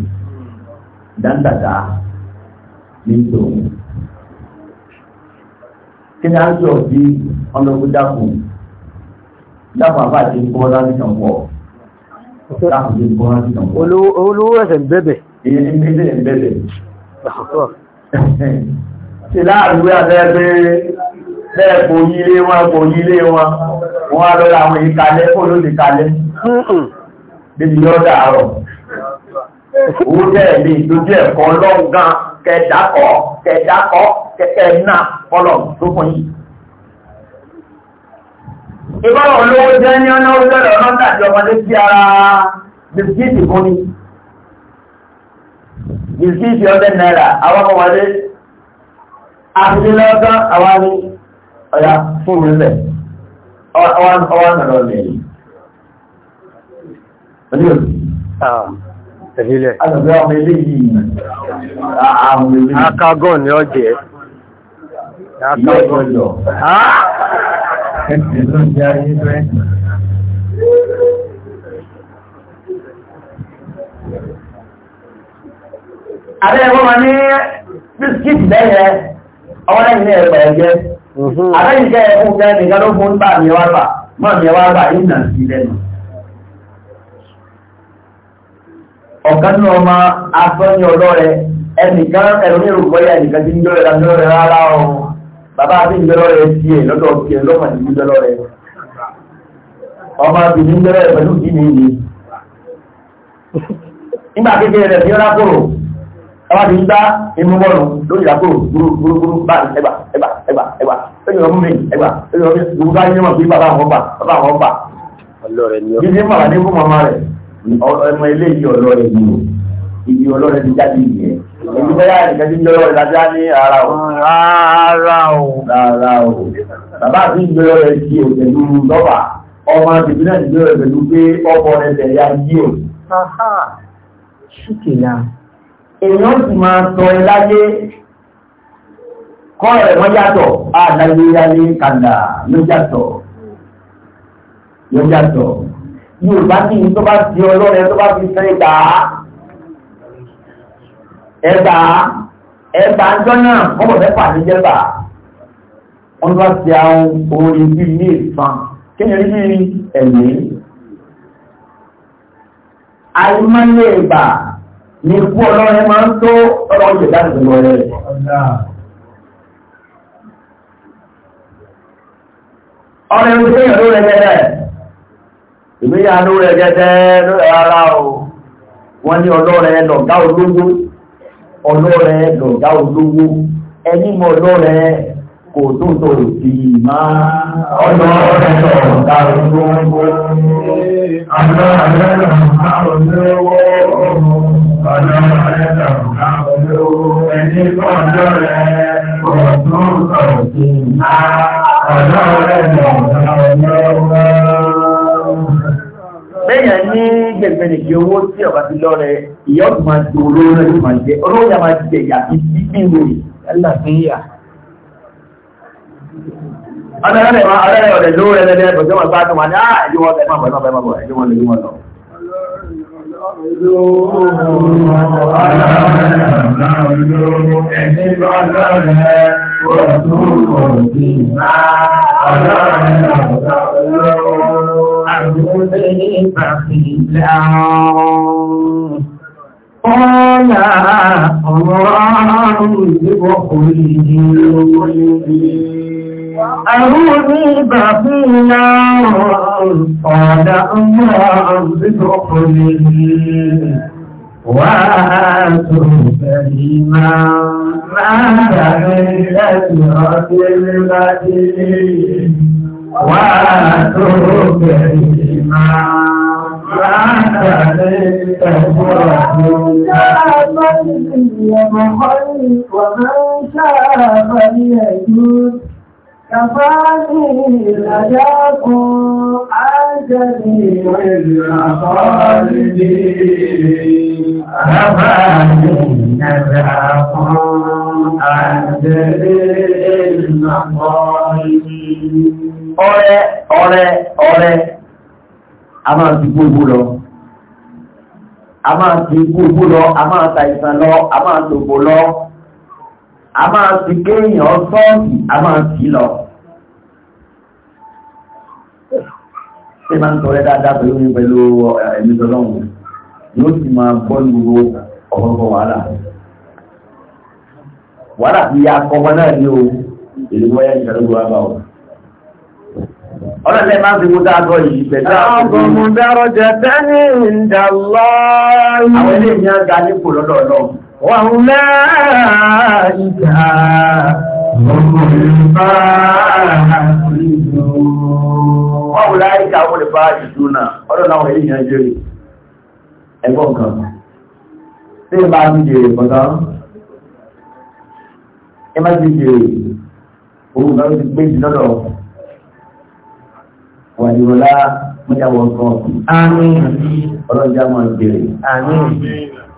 ìdá níta nítò kí ni a ń sọ bí ọlọ́gbọ́n dákun dákun àbá àti ìfowó láti kàn pọ̀ dákun ti ìfowó láti kàn pọ̀. olówó ẹsẹ̀ ń bẹ̀bẹ̀. ìyẹn ní méjì ń bẹ̀bẹ̀. ṣe láàrin wíwá bẹ́ẹ̀ bẹ́ẹ̀ kò yílé wọn kò yílé wọn wọ́n á lọ́la àwọn ìkàlẹ̀ kó ló lè kalẹ̀ débi yọ́ dàárọ̀ owó tẹ̀lé ìdójú ẹ̀kọ́ lọ́ngàn kẹdàkọ́ kẹdàkọ́ kẹkẹ́ náà kọlọ̀ tó fún yìí. ìbáwọ̀ olówó jẹ́ ní ọ̀nà òṣèlú ọ̀nà tàbí ọmọdé sí ara bisikíìtì fún ni bisikíìtì ọdẹ náírà àwọn ọmọdé àfìdílọ́gán àwọn ní ọ̀yà fún mi lẹ̀ ọwọ́ nàrọ̀ lẹ́yìn ẹ̀fílẹ̀. Àtàbí ọmọ ilé yìí àwọn ilé. Akágọ́ ni ọ jẹ́. Akágọ́ lọ. Àbẹ́ ẹ̀wọ́n ma ní bisikíìtì bẹ́yẹ, ọwọ́ lẹ́yìn ní ẹ̀pẹ̀ ẹ̀jẹ́. Mhm. Àbẹ́ ìjẹ́ ẹ̀kún jẹ́ nìkan ló fún bá mi wá bà, mọ́ mi wá bà, ìnà sí lẹ́nu. ọ̀kan ní ọmọ asọ́nyí ọlọ́rẹ ẹnìkan ẹ̀rọ̀mí ìrùgbọ́yà ẹnìkan tí ń jọ́ ẹ̀rọ lọ́rẹ̀ rárá o bàbá àti ìjọlọ́rẹ̀ ti ẹ̀ lọ́dọ̀ ti ẹ̀ lọ́mọ ìlú jọlọ́rẹ̀ ọmọ àti ìjọlọ́rẹ̀ pẹ̀lú kí ni ìlú nígbà kékeré rẹ̀ fi rárá kúrò ọba ti ń gbá inú bọ́ọ̀lù lórí ìdákòrò gbúrúgbúrú bá ẹgbà ẹgbà ẹgbà ẹgbà ẹgbà ọmọ mi ẹgbà ẹgbà ọmọ mi gbogbo ayé wọn fi bàbá àwọn ọba bàbá àwọn ọba. ọlọrẹ ni ó. jíjí màlá ní fún màmá rẹ̀ ọmọ ilé ìdí ọlọ́rẹ̀ ni o ìdí ọlọ́rẹ̀ ti jáde yìí ẹ̀ èyí bẹ́yà ìkẹ́sí ń jọlọ́rẹ̀ lájá ní ara o rárá o rárá o bàbá àti ìgbẹ́lọ́rẹ̀ sí o pẹ̀lú lọ́wà ọmọ àtìbí náà ìgbẹ́lọ́rẹ̀ pẹ̀lú pé ọkọ̀ rẹ̀ tẹ̀lé ayé o. ṣùkìlà èèyàn sì máa sọ ẹ láyé kọ́ ẹ̀ wọ́n yàtọ̀ àdáyé yálé kàdà ló yàtọ̀ ló yàtọ̀. Yorùbá kì í tó bá di ọlọ́rẹ̀ tó bá fi sẹ́ ẹgbà ẹgbà ẹgbà ọjọ́ náà wọ́n bọ̀ mẹ́fà ní jẹ́gbà wọ́n bá ti àwọn orin bí ní ìfàn kéèyàn rí bí ẹ̀mí àìmọ́lé ìgbà ní ikú ọlọ́rẹ̀ máa ń tó ọlọ́rẹ̀ ìjẹ̀dá ìjẹ̀lọ́rẹ̀ ọ̀rẹ́ ìjẹ̀lọ́rẹ̀ ìgbéyàwó rẹ̀ jẹ́jẹ́ lórí ara o wọ́n ní ọlọ́rẹ̀ lọ̀gá olówó ọlọ́rẹ̀ lọ̀gá olówó ẹni mọ̀ ọlọ́rẹ̀ kò tó tó sí máa ọlọ́rẹ̀ lọ̀gá olówó ọlọ́rẹ̀ lọ̀gá olówó ọlọ́rẹ̀ lọ̀gá olówó ẹni mọ̀ ọlọ́rẹ̀ kò tó tó sí máa ọlọ́rẹ̀ lọ̀gá olówó ní gbẹ̀gbẹ̀ nìkì owó tí ọba ti lọ rẹ̀ ìyá ọ̀tún máa jẹ olówó náà yóò máa jẹ olówó yà máa jẹ ìyá bí bí bí ìwé ẹ̀là fi ń yà. ọ̀dọ̀ rẹ̀ ọ̀dẹ̀ lówó rẹ̀ lẹ́dẹ̀ bọ̀dọ̀ wọn bá tó wọn ní قال الله يبقى لي أعوذ بفينا قال الله بدخله وآتوا كريما ما تحلت رجل وآتوا كريما ما تحلت رجل ومن شاء فليجود كفاني الأداكم عن جميع الأقالبين كفاني الأداكم عن جميع الأقالبين ọrẹ ọrẹ ọrẹ a máa fi gbogbo lọ a máa fi gbogbo lọ a máa ta ìsàn lọ a máa tògbò lọ a máa ti gbé èèyàn sọ́ọ̀kì a máa ti lọ ṣe máa ń tọrẹ dáadáa pẹ̀lú ní pẹ̀lú eh, ẹ̀mí tọ́lọ́hùn yóò sì máa bọ́ ní gbogbo wàhálà wàhálà ti ya akọ́kọ́ náà ní o èdè wọ́yá ìṣàlógún wa bá o ọlọ́lẹ̀ máa fi mú dáadọ́ yìí pẹ̀lú àwọn ọmọ وأولئك هم الفائزون وأولئك هم الفائزون ọdún láwọn èyí yẹn jẹ́rì ẹgbọ́n kan tí ìbá ti jèrè pọ̀tán ẹ má ti jèrè òun náà ti gbé jù lọ́dọ̀ wà ní ọlá mọ́jáwọ̀ kan ọlọ́jà máa jèrè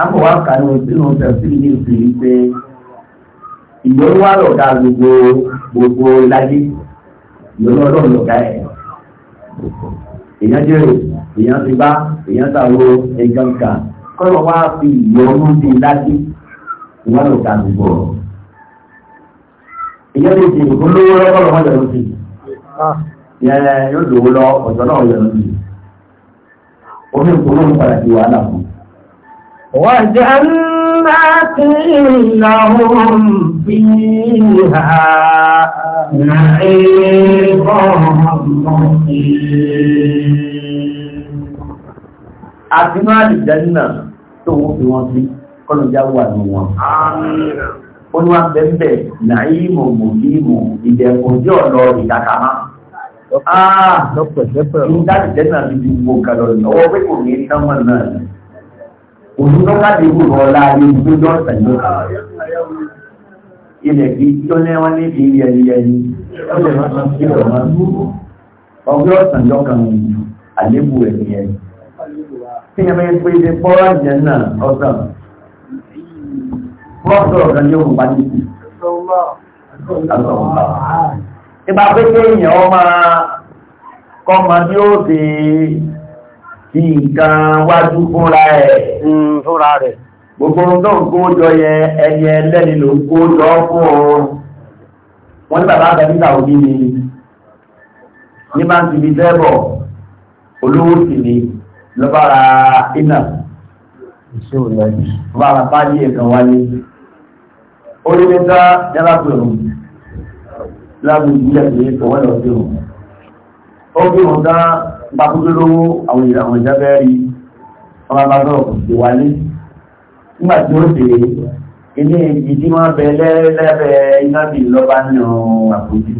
àpọ̀wá kàánú ìpínlẹ̀ ọ̀sẹ̀ sí ilé ìpín wípé ìgbóni wà lọ̀dà gbogbo gbogbo ìlàjì ìgbóni ọlọ́run lọ̀dà ẹ̀ èèyàn jèrè èèyàn ti bá èèyàn tàwọ ẹ̀gbọ́n kan kọ́lọ̀ wá fi ìyọnu sí ìlàjì ìwà lọ̀dà gbogbo èèyàn lè ṣe ìgbónlówó lọ́kọ́lọ́ wọn yọ̀rọ̀ sí ìyẹn yóò lówó lọ ọ̀dọ́ náà yọ̀rọ̀ sí omi ìgbónlówó padà di wàhálà وجنات لهم فيها نعيم Àti máa lè jẹ́ náà tó wọ́n fi wọ́n sí kọ́nà já wà ní wọn. Ó ní wọ́n bẹ̀m̀bẹ̀ láìmọ̀ mọ̀límọ̀ ìdẹ̀kùn jẹ́ ọ̀lọ́ ìdákàmá. Àà lọ́pẹ̀ẹ́pẹ̀ẹ́ olùkọ́kàdé wò lọ láàyè ìgbójú ọ̀sẹ̀ ló kà ilẹ̀ kì í tó ní wọ́n ní kì í yẹliyẹli ọ̀sẹ̀ máa ń kí ọ̀rọ̀ máa ń bú ọgbẹ́ ọ̀sẹ̀ lọ́kàn àlébù ẹ̀mí ẹ̀ tí yẹn bẹ́ẹ̀ pé ṣe jẹ́ náà ọ̀sán wọ́n sọ̀rọ̀ kan ní òun pàdé sí ìgbà pé kéèyàn ọmọ kọ́mọ bí ó ti bí nǹkan wájú fúnra ẹ̀. Hmm, fúnra rẹ̀. gbogbo ohun tó ń kó jọ yẹ ẹni ẹlẹ́ni ló ń kó jọ fún ọ. wọ́n ní bàbá àgbà nígbà òbí ni ní máa ń ti fi dẹ́bọ̀ olówó sì ni lọ́bàrà iná. bàbá pàdé ẹ̀kan wáyé. ó lé níta yálà pẹ̀lú lábùú ìbílẹ̀ òun. ó bí òun dáná bá tó lówó àwọn ìràwọ̀ ìjábẹ́ rí ọmọ bá sọ̀rọ̀ kò sí wálé nígbà tí ó ṣe ilé ibi tí wọ́n bẹ lẹ́lẹ́bẹ̀ iná bí lọ́ba nù àpòjù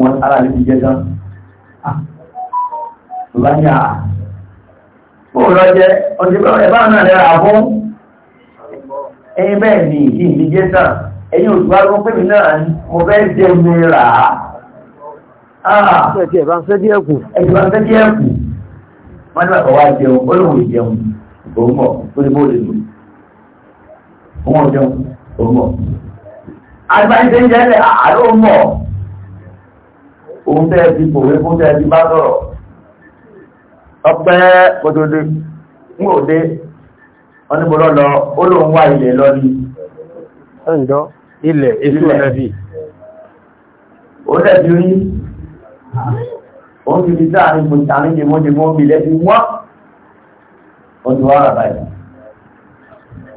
wọn ara lè fi jẹ tán ah! bàbá ní àà ah! ó lọ jẹ ọdún bá ẹ bá náà lẹ́ra fún ẹyin bẹ́ẹ̀ ni kí n fi jẹ tán pẹ̀lú náà mo fẹ́ jẹun ní Ah. Ẹ̀tì ẹ̀bánṣẹ́ díẹ̀ kù. Ẹ̀bánṣẹ́ díẹ̀ kù. Wọ́n ní bàbá wa jẹun, olóhùn ìjẹun, òun mọ̀, ó ní bóòlù nù. Òun ò jẹun, òun mọ̀. Àgbáyé ń jẹ́lẹ̀ àárò mọ̀. Òun tẹ́ ti pòwe fún tẹ́ ti bá sọ̀rọ̀. Ọpẹ́ kòtòdé, ń ò dé, wọ́n ní mo lọ lọ, ó lóun wá ilẹ̀ lọ ni. Ẹ̀ǹdọ́, ilẹ̀, èso ọ̀nà bì. Ó dẹ̀ ti wọ́n ti fi sáàrin kò sàárín jẹ mọ́ jẹ mọ́ bí lẹ́bí wọ́n ó ti wá rà báyìí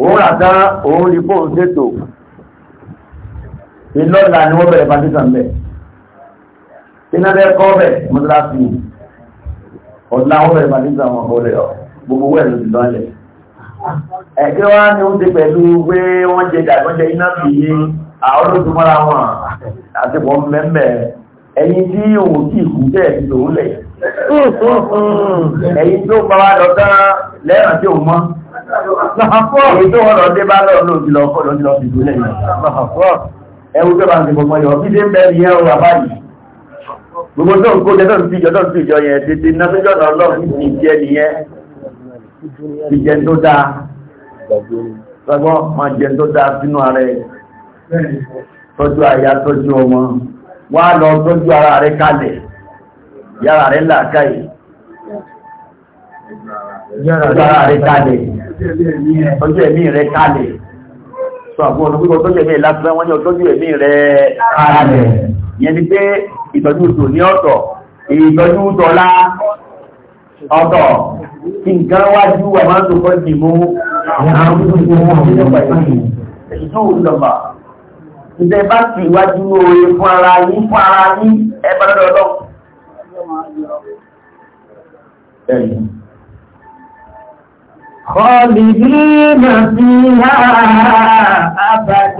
òun rà tán òun rí bóun ṣètò ìlọ́la ni wọ́n bẹ̀rẹ̀ pàtíkà mẹ́ tínádẹ́ kọ́ bẹ̀ mọ́sálásí ọ̀dá wọ́n bẹ̀rẹ̀ pàtíkà wọn ọ̀rẹ́ gbogbo wẹ̀ ló ti lọ́lẹ̀ ẹ̀kẹ́ wá ní ó ti pẹ̀lú pé wọ́n jẹ dàgbọ́n jẹ iná fi yé àwọn olóṣùmọ́ra wọn àti pọ̀ mẹ́mẹ́ ẹ̀yin tí òun tí kú bẹ́ẹ̀ ti tòun lẹ̀ ẹ̀yin tó bá wá lọ tán lẹ́ràn tí òun mọ́ èyí tó wọ́n lọ dé bá lọ fọ́ lọ́ọ́ ti lọ ẹ̀wù tó bá ń sèpọ̀ mọ́yọ̀ bí dé bẹ́ẹ̀ yẹn ọ̀rọ̀ àbáyìí gbogbo tó ń kó jẹ́ tó tọ́jú àyà tọ́jú ọmọ wá lọ tọ́jú ara rẹ kalẹ̀ yára rẹ làákàyè tọ́jú ara rẹ kalẹ̀ tọ́jú ẹ̀mí rẹ kalẹ̀ sọ àbúrò ọ̀nà pípọ̀ tọ́jú ẹ̀mí lásán wọ́n ní ọtọ́jú ẹ̀mí rẹ kalẹ̀ yẹn ni pé ìtọ́jú tò ní ọ̀tọ̀ ìtọ́jú tọ́lá ọ̀tọ̀ kí nǹkan wájú wà máa ń tó kọ́ ìdìbò àwọn olùdókòwò ìjọba ìlú ìjọba ìjẹ bá ti ìwájú oore fún ara yí fún ara yí ẹgbẹ́rẹ́ ọ̀dọ́ خالدين فيها أبدا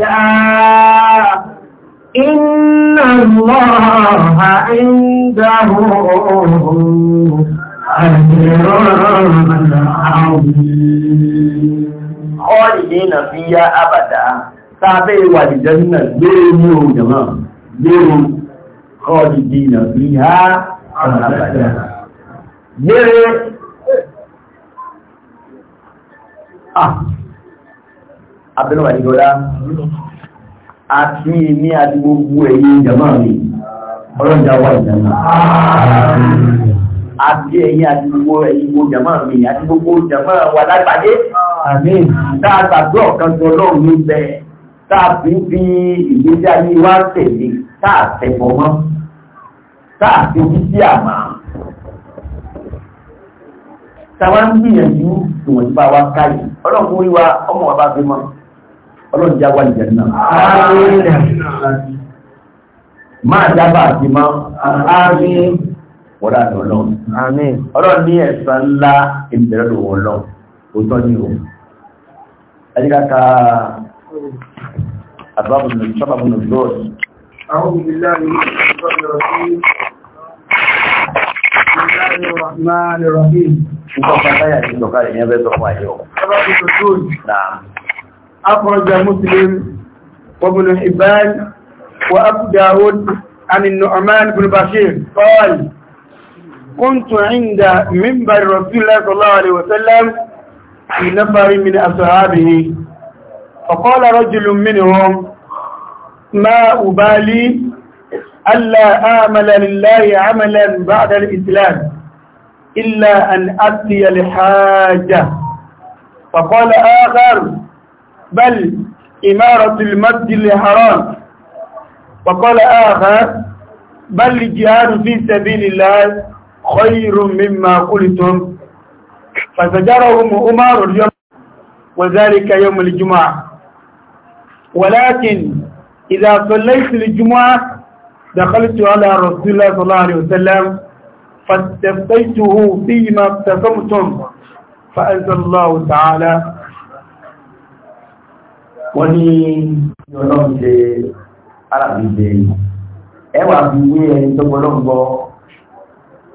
إن الله عنده أجر عظيم خالدين فيها أبدا tàbí ìwà ìjẹ́nà léèrè ní ohun jẹ̀mọ́ léèrè kọ́ọ̀dìdì ìnà bí i ha léèrè àbẹ́lọ́wà ìjọdá àti ní àdígbogbo ẹ̀yẹ jẹ̀mọ́ mi ọlọ́jà wà ìjẹ̀mọ́ àti ẹ̀yẹ àdígbogbo ẹ̀yẹ jẹ̀mọ́ mi àdígbogbo jẹ̀mọ́ wà lágbàdé àmì dáadáa ọ̀kan tó ọlọ́run ní bẹ́ẹ̀ táàbí bí ìgbésí ayé wa ń tẹ̀lé táàtẹ̀bọ̀ mọ́ táàbí bí sí àmà tàwa ń gbìyànjú ìwọ̀n tí bá wa káyì ọlọ́run orí wa ọmọ wa bá fi mọ́ ọlọ́run já wà nìjẹ́ náà máa dábàá àti mọ́ àmín wọ́n dà lọ́lọ́ àmín ọlọ́run ní ẹ̀san ńlá ìbẹ̀rẹ̀ lòun ọlọ́run òótọ́ ni o ẹ̀dí kàkà أسباب سبب النزول أعوذ بالله من الشيطان الرجيم بسم الله الرحمن الرحيم سبب النزول نعم أخرج مسلم وابن حبان وأبو داود عن النعمان بن بشير قال كنت عند منبر رسول الله صلى الله عليه وسلم في نفر من أصحابه فقال رجل منهم ما أبالي ألا آمل لله عملا بعد الإسلام إلا أن أبقي لحاجة فقال آخر بل إمارة المسجد الحرام وقال آخر بل الجهاد في سبيل الله خير مما قلتم فزجرهم أمر اليوم وذلك يوم الجمعة ولكن إذا صليت الجمعة دخلت على رسول الله صلى الله عليه وسلم فاستفتيته فيما اقتسمتم فأنزل الله تعالى wọ́n ní ọlọ́run ṣe arábìnṣe ẹwà bí wé ẹni tọ́gbọ́lọ́gbọ́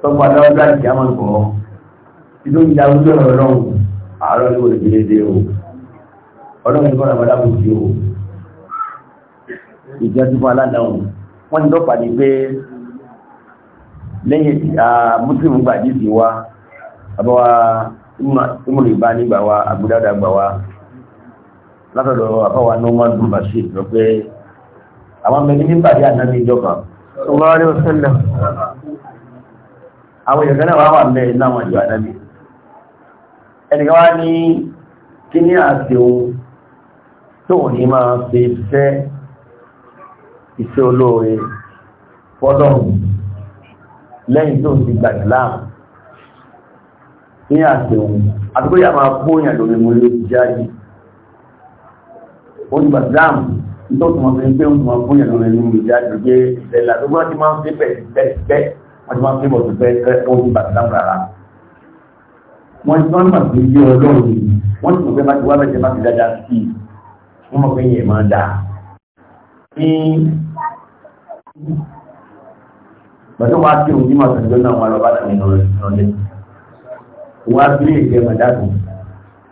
tọ́gbọ́lọ́ láti àwọn ọkọ̀ ìlú ìjà ojú ọ̀rọ̀ ọlọ́run àárọ̀ ní olùgbélédé o ọlọ́run ní kọ́nà kò sí o ìjọsìn fún aládàáhùn wọ́n ti lọ́pàá ní pé lẹ́yìn muslim gbà jí sí wa àbáwá ìmúlò ìbá nígbà wa àgbúdáda gbà wa látọ̀dọ̀ àbáwá normal bùbàṣì lọ pé àwọn mẹ́rin ní pàdé ànábì ìjọba àwọn ìrẹ̀kẹ́ náà wà mẹ́rin náà wọ́n jọ ànábì ẹnìkan wá ní kí ní àti ohun tó ní máa fi fẹ́ iṣẹ́ olóore fọ́dọ̀ lẹ́yìn tó ti gbà islam ní àtẹ̀wò àtúgbóyà máa kóyàn lórí mú ló jáde ó ti gbà islam tó tún wọn fi ń pé ó tún wọn kóyàn lórí mú ló jáde pé ìṣẹ̀lẹ̀ àtúgbó ti máa ń fi bẹ̀ bẹ́ wọ́n ti máa ń fi bọ̀ tó fẹ́ ó ti gbà rárá wọ́n ti máa ń ilé ọlọ́run wọ́n ti mọ̀ pé máa fi dáadáa sí i wọ́n mọ̀ pé yẹn máa dáa bàtí wọn á kí òun jímọ̀ sọ̀rọ̀ náà wọn lọ bá tàbí nínú rẹ̀ wọn á bí èdè mọ̀dáàbò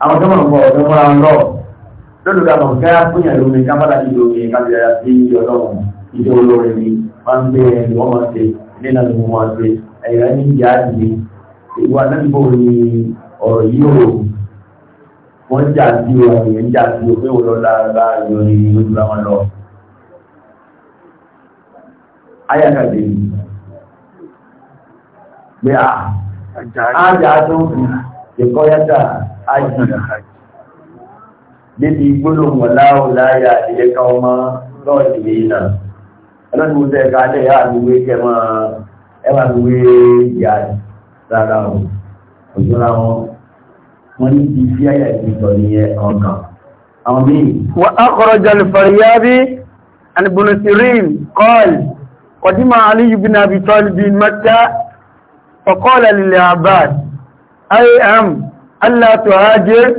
àwọn tó máa ń bọ̀ ọ̀dọ́ fọ́ra ń lọ lọ́dọ̀ ká máa kẹ́yà fún ìyàrá omi ká bàtà ìlú omi ká bẹ̀rẹ̀ sí iye ọlọ́run ìjọ olóore mi máa ń gbé ẹni wọ́n máa ṣe ilé náà ni mo máa ṣe ẹ̀yà ní ìyá àdìyẹ ìwọ anábìbò ni ọ̀rọ̀ yìí ò wọ́n jà sí o àwọn èèyàn jà sí o pé wọ́n lọ lára ìròyìn ayákàlè gbé à ájá tó ìkọ́ yáta ájì níbi gbólóhùn láòláyà ìyẹ́ka ọmọ lọ́ọ̀dì ìlà ẹlọ́dún mú tẹ́ẹ̀ká alẹ́ yà àdúgbé kẹmọ́ ẹwà àdúgbé yà rárá o òjòrá wọn wọ́n ní ti fi àyà ìpìtọ̀ ní ọkàn àwọn míì. wọ́n á kọ́rọ̀ jẹ́ alifariyabi قدم علي بن أبي طالب مكة فقال للعباس أي أم ألا تهاجر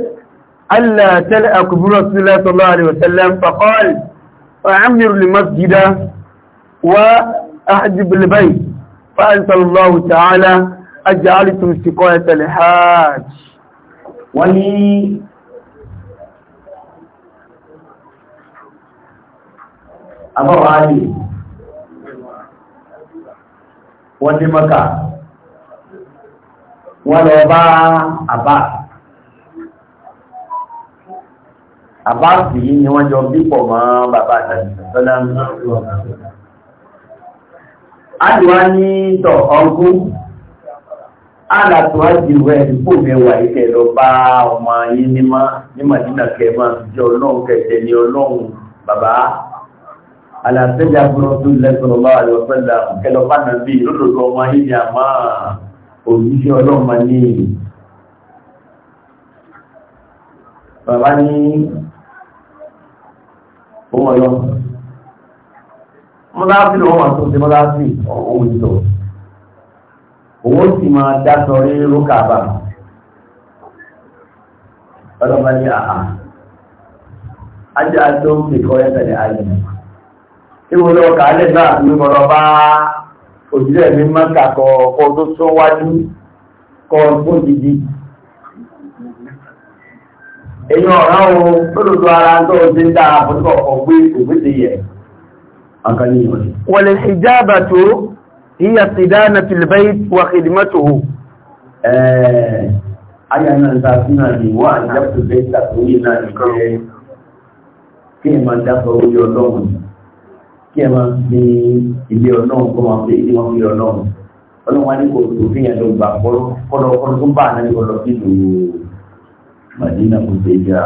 ألا تلأ قبور رسول الله صلى الله عليه وسلم فقال أعمر لمسجدا وأحجب البيت فأنزل الله تعالى أجعلتم سقاية الحاج ولي أبو علي wọ́n dé mọ́kà wọ́n lọ bá àbá àbá sì yí ni wọ́n jọ bípọ̀ mọ́ bàbá àtàlẹ́sọ́lá àdìwá ní tọ̀ ọgún alàtúwájú rẹ̀ ipò mẹ́wàá ikẹ̀ lọ bá ọmọ yín ní Màdínà kẹ́ máa jẹ́ ọlọ́run kẹ̀kẹ́ ní ọlọ́run bàbá àlàtẹ́jà fúnrọ́tún lẹ́sọ̀rọ̀lá àlọ́sọ́lá kẹlọ́pá náà bí lódòdó ọmọ ayébí àmá òjíṣẹ́ ọlọ́mà ní bàbá ní ohun ọ̀yọ́ mọ́láàfí lọ́wọ́ máa tó ṣe mọ́láàfí ohun ìtọ̀ òun sì máa dátọ̀ rí rókàbà ọlọ́mà ní àhà ajá tó ń pè kọ́ ẹ̀sẹ̀ ní ayé ìwò lọ kà á lẹ́gbà bá òjìlẹ̀ mi máa kàkọ̀ ọkọ̀ tó tó wájú kọ ọdún dìdí èyí ọ̀rá o lóòtọ́ ara tó ti ń dá àbúrúkọ̀ ọ̀gbé ògbéṣe yẹ wal sí náà ni wọ́n àjábùsù bẹ́ẹ̀ tàbí orí náà kí ẹ máa orí ọlọ́run kí ẹ máa fi ilé ọlọ́run kó máa fi ilé wọn fi ọlọ́run ọlọ́run wa ní kò tó fi yẹn ló gbà kọ́lọ́ kọ́lọ́ tó bá àná ọlọ́ fi lò ó màdínà kò tẹ̀ ya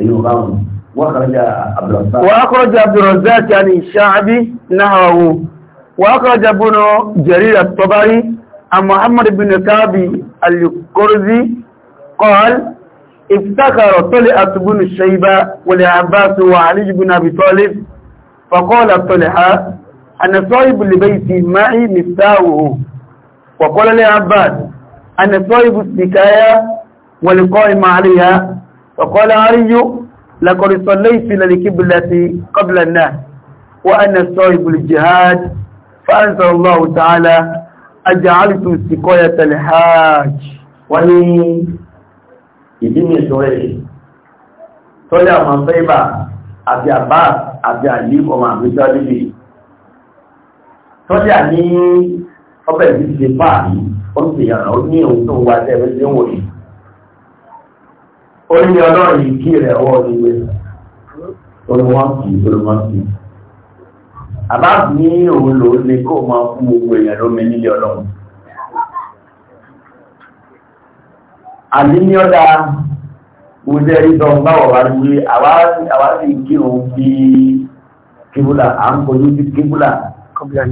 èyí ò báwọn. وأخرج عبد الرزاق وأخرج عبد الرزاق يعني الشعبي نحوه وأخرج ابن جرير الطبري عن محمد بن كعب القرزي قال افتخر طلعت بن الشيبة والعباس وعلي بن أبي طالب فقال طلحة أنا صاحب لبيتي معي مفتاحه وقال لي عباس أنا صاحب السكاية والقائم عليها وقال علي لقد صليت للكبلة قبل الناس وأنا صاحب الجهاد فأنزل الله تعالى أجعلت السكاية الحاج ولي ìdí ní ìṣòro ẹ̀ tọ́lẹ̀ àmọ́ fẹ́ ibà àti àbáà àti àlí ọmọ àgbéjọ́ níbi tọ́jà ní ọbẹ̀ tí ti pa ó ti yàrá ó ní òun tó ń wá sí ẹgbẹ́ tí ó wò yìí ó ní ọlọ́run yìí kí rẹ̀ ọwọ́ nígbẹ́ olùmọ́sí olùmọ́sí àbá ní òun lò ó lè kó máa fún gbogbo èèyàn lómi nílé ọlọ́run àní ní ọ̀dà oúnjẹ ìdán báwọ̀ wá wí àwárí kí òun fi kíbúlà à ń kọjú sí kíbúlà kódà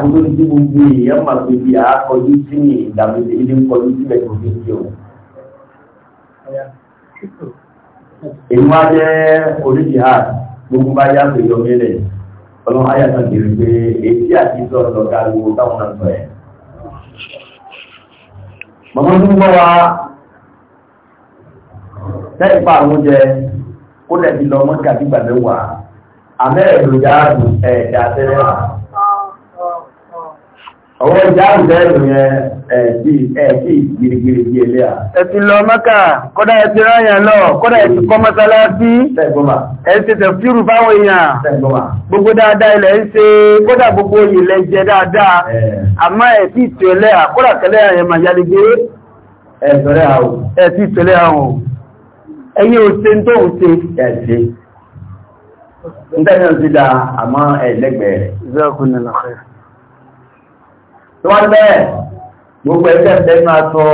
kó tó ti gbogbo èèyàn máa fi fi àákọjú sí ní ìdàmúdé ilé ń kọjú sílẹ̀ tó fi kí òun. èyí wá jẹ́ oníjìhad gbogbo bá yá pé yọ mílẹ̀ ọlọ́run ayà náà kiri pé èyí àti sọ ọ̀dọ̀ ga gbogbo táwọn náà sọ ẹ̀. màmá tó ń bọ̀ wá lẹ́yìn pa àwọn oúnjẹ kó lẹ́bi lọ mọ́ kí àdìgbà mẹ́wàá àmẹ́rẹ̀ ló jáàbù ẹ̀ẹ̀dà tẹ́lẹ̀ ọwọ́ jáàbù tẹ́lẹ̀ yẹn ẹ̀ẹ̀dì ẹ̀ẹ̀dì gbìrìgbìrì bí ẹlẹ́à. ẹ ti lọ mọ́kà kódà ẹ ti ráyàn lọ kódà ẹ ti kọ́ mọ́sálásí ẹ ti tẹ̀fíìrù fáwọn èèyàn gbogbo dáadáa ilẹ̀ ń ṣe kódà gbogbo ilẹ̀ jẹ dáadáa àmọ́ ẹ̀yin ò ṣe tó ń ṣe ẹ̀ṣẹ́ ń tẹ́yàn sí dáa àmọ́ ẹ̀lẹ́gbẹ̀ẹ́ rẹ̀ ìzọ́kùnlẹ̀ ọ̀fẹ́ tó wá bẹ́ẹ̀ gbogbo ẹgbẹ́ tẹ́nu aṣọ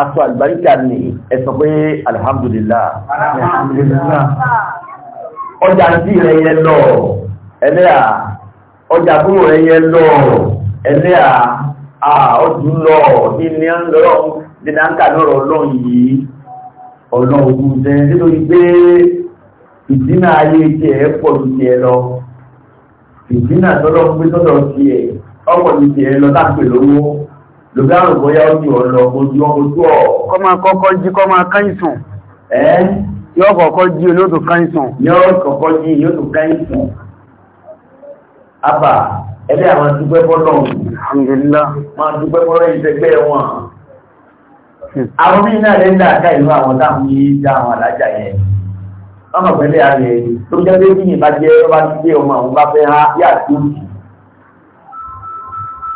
aṣọ àlùbáríkà ni ẹ sọ pé alhamdulillah ọjà sí rẹ̀ yẹ lọ ẹlẹ́à ọjà kúrò rẹ̀ yẹ lọ ẹlẹ́à ọdún lọ ìní ń lọ́rọ̀ dínà ń kà lọ́rọ̀ ọlọ́run yìí ọ̀nà ògùn jẹ nítorí pé ìdínà ayé tí ẹ pọ̀ ju ti ẹ lọ ìdínà tọ́lọ́ pé tọ́lọ́ ti ẹ ọ̀pọ̀ ju ti ẹ lọ lápè lówó lóbi àrùn bóyá ó ti ọ̀ lọ ojú ojú ọ̀. kọ́ máa kọ́kọ́ jí kọ́ máa káyìsùn. ẹ yóò kọ́kọ́ jí olóòtú káyìsùn. yóò kọ́kọ́ jí olóòtú káyìsùn. abà ẹlẹ́ àwọn dúpẹ́ bọ́lọ̀ alhamdulillah máa dúpẹ́ bọ́lọ̀ ìfẹ́gbẹ́ wọn àwọn míì náà lè ń dàgbà ìlú àwọn táwọn yìí dá àwọn alájà yẹn ọmọ pẹ̀lẹ́ ààrẹ tó jẹ́ pé bí ìbá jẹ́ ọba gbígbé ọmọ àwọn bá fẹ́ ha yà tó jù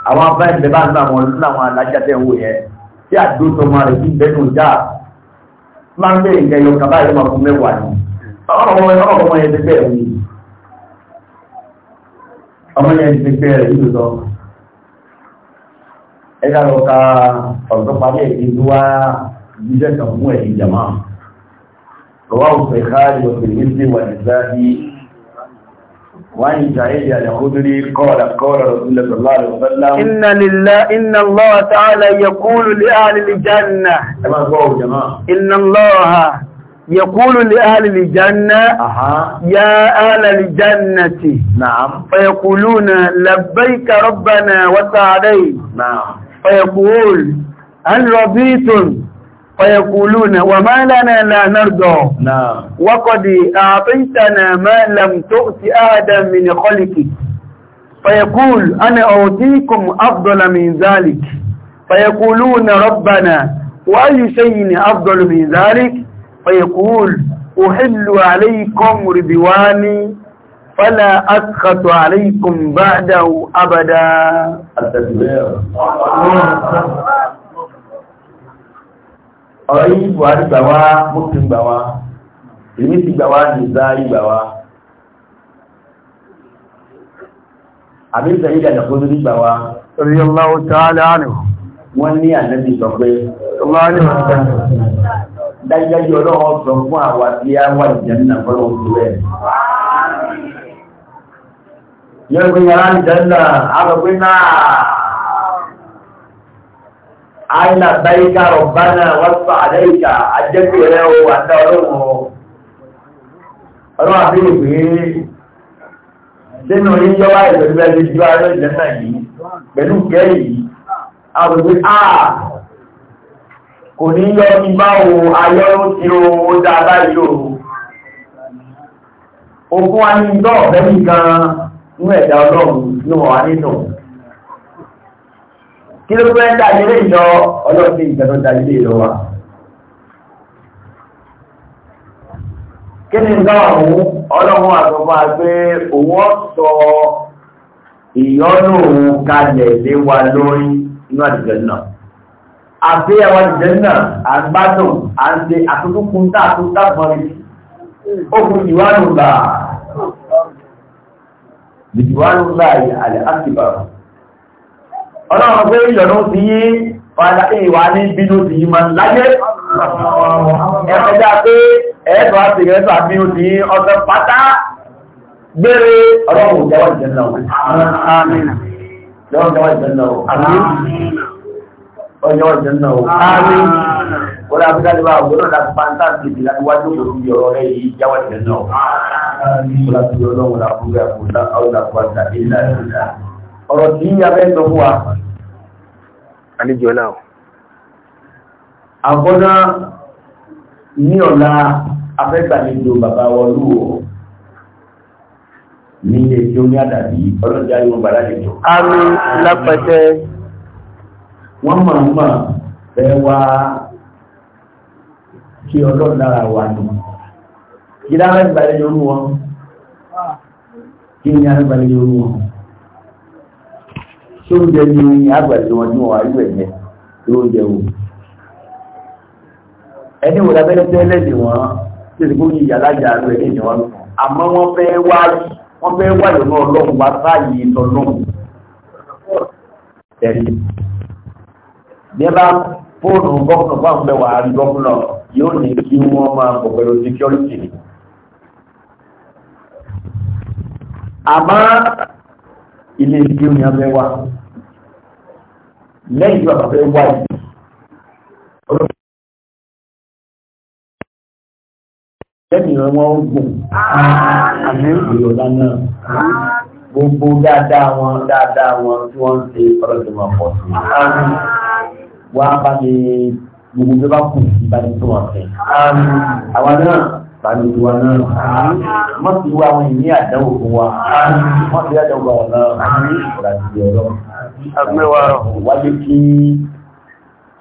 àwọn afẹ́ ìbẹ̀ bá ń lọ àwọn ọdún àwọn alájà tẹ̀ wò yẹn tí àdó tọmọ rẹ̀ sí bẹ́ẹ̀ nù já máa ń bẹ̀rẹ̀ ìkẹyọ kaba ìlú ọkùn mẹ́wàá ni ọmọ yẹn ti bẹ̀rẹ̀ ẹ̀ka lọ ka ọ̀rọ̀ tó parí ẹ̀dín tó wá jíjẹ́ kan fún ẹ̀yìn jàmá rọwá òfẹ́ káàdì òfin níbi wà ní sáàbí wọ́n yìí ṣàyẹ̀ ìyá àlẹ́kọ́dúrí kọ́ọ̀lá kọ́ọ̀lá rọ̀sílẹ̀ sọ̀lá àlẹ́sọ́lá. inna lillahi inna allaha ta'ala yaqulu li ahli aljanna. ẹ máa gbọ́ òjàmá. inna allaha يقول لأهل الجنة أها. يا أهل الجنة نعم فيقولون لبيك ربنا وسعديك نعم فيقول هل رضيتم فيقولون وما لنا لا نرضى نعم وقد أعطيتنا ما لم تؤت أحدا من خلقك فيقول أنا أعطيكم أفضل من ذلك فيقولون ربنا وأي شيء أفضل من ذلك فيقول أحل عليكم رضواني fọ́lá akàtọ̀ àríkùn bá dáwò abada ọ̀rọ̀ yìí buhari gbà wá muslim gbà wá èmi ti gbà wá nìzáyí gbà wá àbíṣẹ́ ìdàdà kó lórí gbà wá rí Allahu ta'ala anhu wọ́n ní ànẹ́bì sọ pé dájúdájú ọlọ́wọ́ sọ fún àwọn àti àwọn ìjẹ́ nínú àkọ́lọ́wọ́ yóò gbé yàrá ìjẹ́lẹ̀ àgbègbè náà àìlà báyíká ọ̀bánà wọ́pá àdáyíká ajẹ́kù rẹ̀ o àdá ọlọ́run ọlọ́run àti ìwé sínú yíyọ́wá ìgbẹ̀lúgbẹ̀ lè jú ààrẹ ìjẹ́nà yìí pẹ̀lú kẹ́rì yìí àgbègbè kò ní yọ ní báwo ayọ́rún tí ó dáadáa yìí o ogún wa ọ̀fẹ́ nìkan inú ẹ̀dá ọlọ́run ló wà nínú kí ló fẹ́ dá ilé ìlọ ọlọ́run sí ìjọba dá ilé ìlọ wa kí ni nǹkan ọ̀hún ọlọ́run àtọ́fà pé òun ọ̀sọ̀ ìyọ́nù òun kalẹ̀ lé wa lórí inú àdìjọ náà àti àwọn àdìjọ náà àgbádùn àti àtúntún kúńtà àtúntà mọ́rin ó kú ìwádùn gbà bìtìwárù láàyè àlẹ́ àkìbà ọlọ́run pé ìyọ̀nù ti yí padà ìwà ní bínú ti yí máa láyé ẹ̀ẹ́dá pé ẹ̀ẹ́tọ́ àti ìrẹ́tọ́ àbí ó ti ọ̀sẹ̀ pátá gbére ọlọ́run jẹ́wọ́ ìjẹ́ náà ọjọ́ ọ̀jẹ́ náà ah. ààrin wọ́n láti dájúwà ọgbọ́nà láti pàntà sí ìdílá níwájú òun bí ọ̀rọ̀ rẹ̀ yìí jáwà ìjẹ́ náà wọ́n ah. láti ọlọ́run lábúgbé àkùnlá ọlọ́pàá ìlà ìlà ọ̀rọ̀ tí yíya bẹ́ẹ̀ tó fún wa. àlejò ọ̀la o. àkọ́nà ní ọ̀la afẹ́gbàlejò bàbá wọlú o nílé tí ó ní àdàbí ọlọ́jà yóò bàlá àlejò. àmín lápẹtẹ wọ́n máa ń mọ̀ ẹ wá kí ọlọ́run lára wà nù. kí lára ìgbàlejò ń wọ́n kí ni àgbàlejò ń wọ́n. ṣé oúnjẹ ni àgbàlejò wọn tí wọ́n wá yú ẹ̀jẹ̀ lóúnjẹ wò. ẹni wò lábẹ́lẹ́ tẹ́lẹ̀ ni wọ́n tí ìdìbò yìí yàrá jà lọ ẹ̀jẹ̀ ni wọ́n àmọ́ wọ́n fẹ́ wá wọ́n fẹ́ wá ìrọ̀lọ́run wá báyìí lọ́lọ́run bí ẹ bá fóònù gọ́ọ̀nà fún àwọn ẹwà àrí gọ́ọ̀nà yóò ní kí wọ́n máa bọ̀ pẹ̀lú security ni. àmọ́ ilé ìdílé ní abẹ́ wa lẹ́yìn tí bàbá fẹ́ wá yìí. lẹ́yìn rẹ̀ wọ́n gùn àmì ìròyìn ọ̀la náà gbogbo dáadáa wọn dáadáa wọn tí wọ́n ń ṣe ọlọ́dún wọn pọ̀ sí i wá bá mi gbogbo bí ó bá kù sí bá mi tó wọn fẹ́. àwa náà bàbá ìwà náà wọ́n ti wá àwọn ìní àdánwò fún wa wọ́n ti àdánwò àwọn náà ọ̀rọ̀ àti ọ̀rọ̀. agbẹ́wà wáyé kí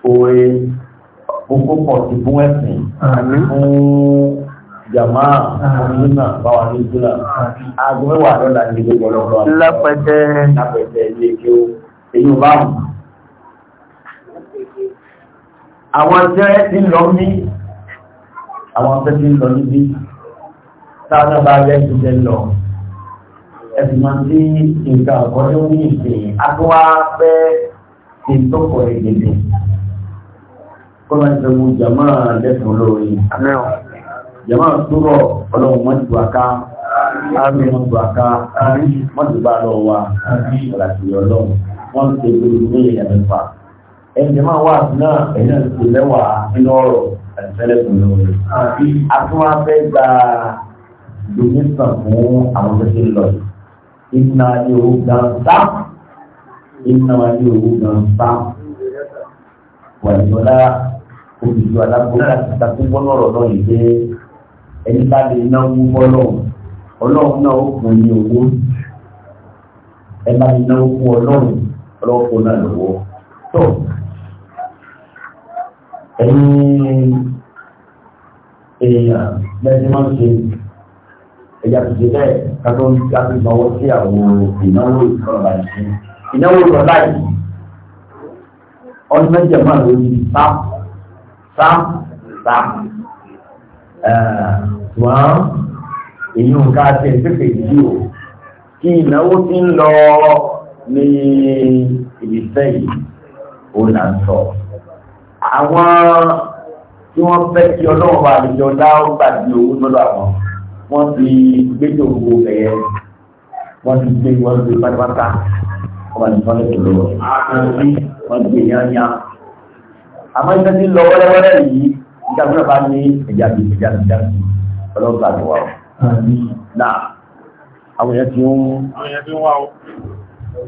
oore kókó pọ̀ sí fún ẹ̀sìn fún jama ọmọdúnà báwa ní ìdúrà aago mẹ́wàá lọ́la ní gbogbo ọlọ́pàá. lápẹtẹ lápẹtẹ ilé kí ó èyí ò bá wù àwọn tẹ́ ti lọ ní àwọn tẹ́ ti lọ níbi táwọn bá rẹ̀ ti jẹ lọ ẹ̀sìn máa tí nǹkan àkọ́lé ní ìpè àtúwá fẹ́ ti tó kọ̀ èdèdè kó máa ṣe mú jàmá lẹ́sùn lórí jàmá túrọ̀ ọlọ́run mọ́tò àká mọ́tò àká mọ́tò bá lọ wa ọ̀làtìyọ̀ lọ wọ́n ń ṣe gbogbo ìyàmẹ́fà ẹni máa wà náà ẹ̀yìn àti lẹ́wàá nínú ọ̀rọ̀ àtìfẹ́lẹ́ fún mi. a tún wá fẹ́ gba donation fún àwọn tó ṣe lọ iná ní owó gan sá iná ní owó gan sá wà nígbàlá olùdó alágbóná láti tàbí bọ́lá ọ̀rọ̀ náà yìí pé ẹni bá lè náwó bọ́lá ọlọ́run náà ó kún ní owó ẹ bá lè náwó fún ọlọ́run ọlọ́run náà lọ́wọ́ ẹ̀yìn èèyàn lẹ́sìn máa ń ṣe ẹ̀yà tó ṣe bẹ́ẹ̀ kátó láti sanwó sí àwọn ìnáwó ìkọlọ̀bà yìí ìnáwó ọdún mẹ́jọ máa ló ní sam sam sam ṣùgbọ́n èyí ń ká ṣe pépè yìí o kí ìnáwó ti ń lọ ní ìbísẹ́ yìí ó là ń àwọn tí wọ́n fẹ́ kí ọlọ́run bá àlejò láwọ́ gbàdí owó lọ́dọ̀ àwọn wọ́n ti gbẹ́jọ owó ẹ̀yẹ wọ́n ti gbé wọ́n ti pátápátá wọ́n ti fọ́n lẹ́tọ̀ lọ́wọ́ wọ́n ti gbé yányá. àmọ́ iṣẹ́ ti lọ wẹ́rẹ́wẹ́rẹ́ yìí nígbà tí wọ́n bá ní ẹ̀já bíi ẹ̀já bíi ẹ̀já bíi ọlọ́run bá ti wà ó. àwọn èèyàn ti ń. àwọn ó.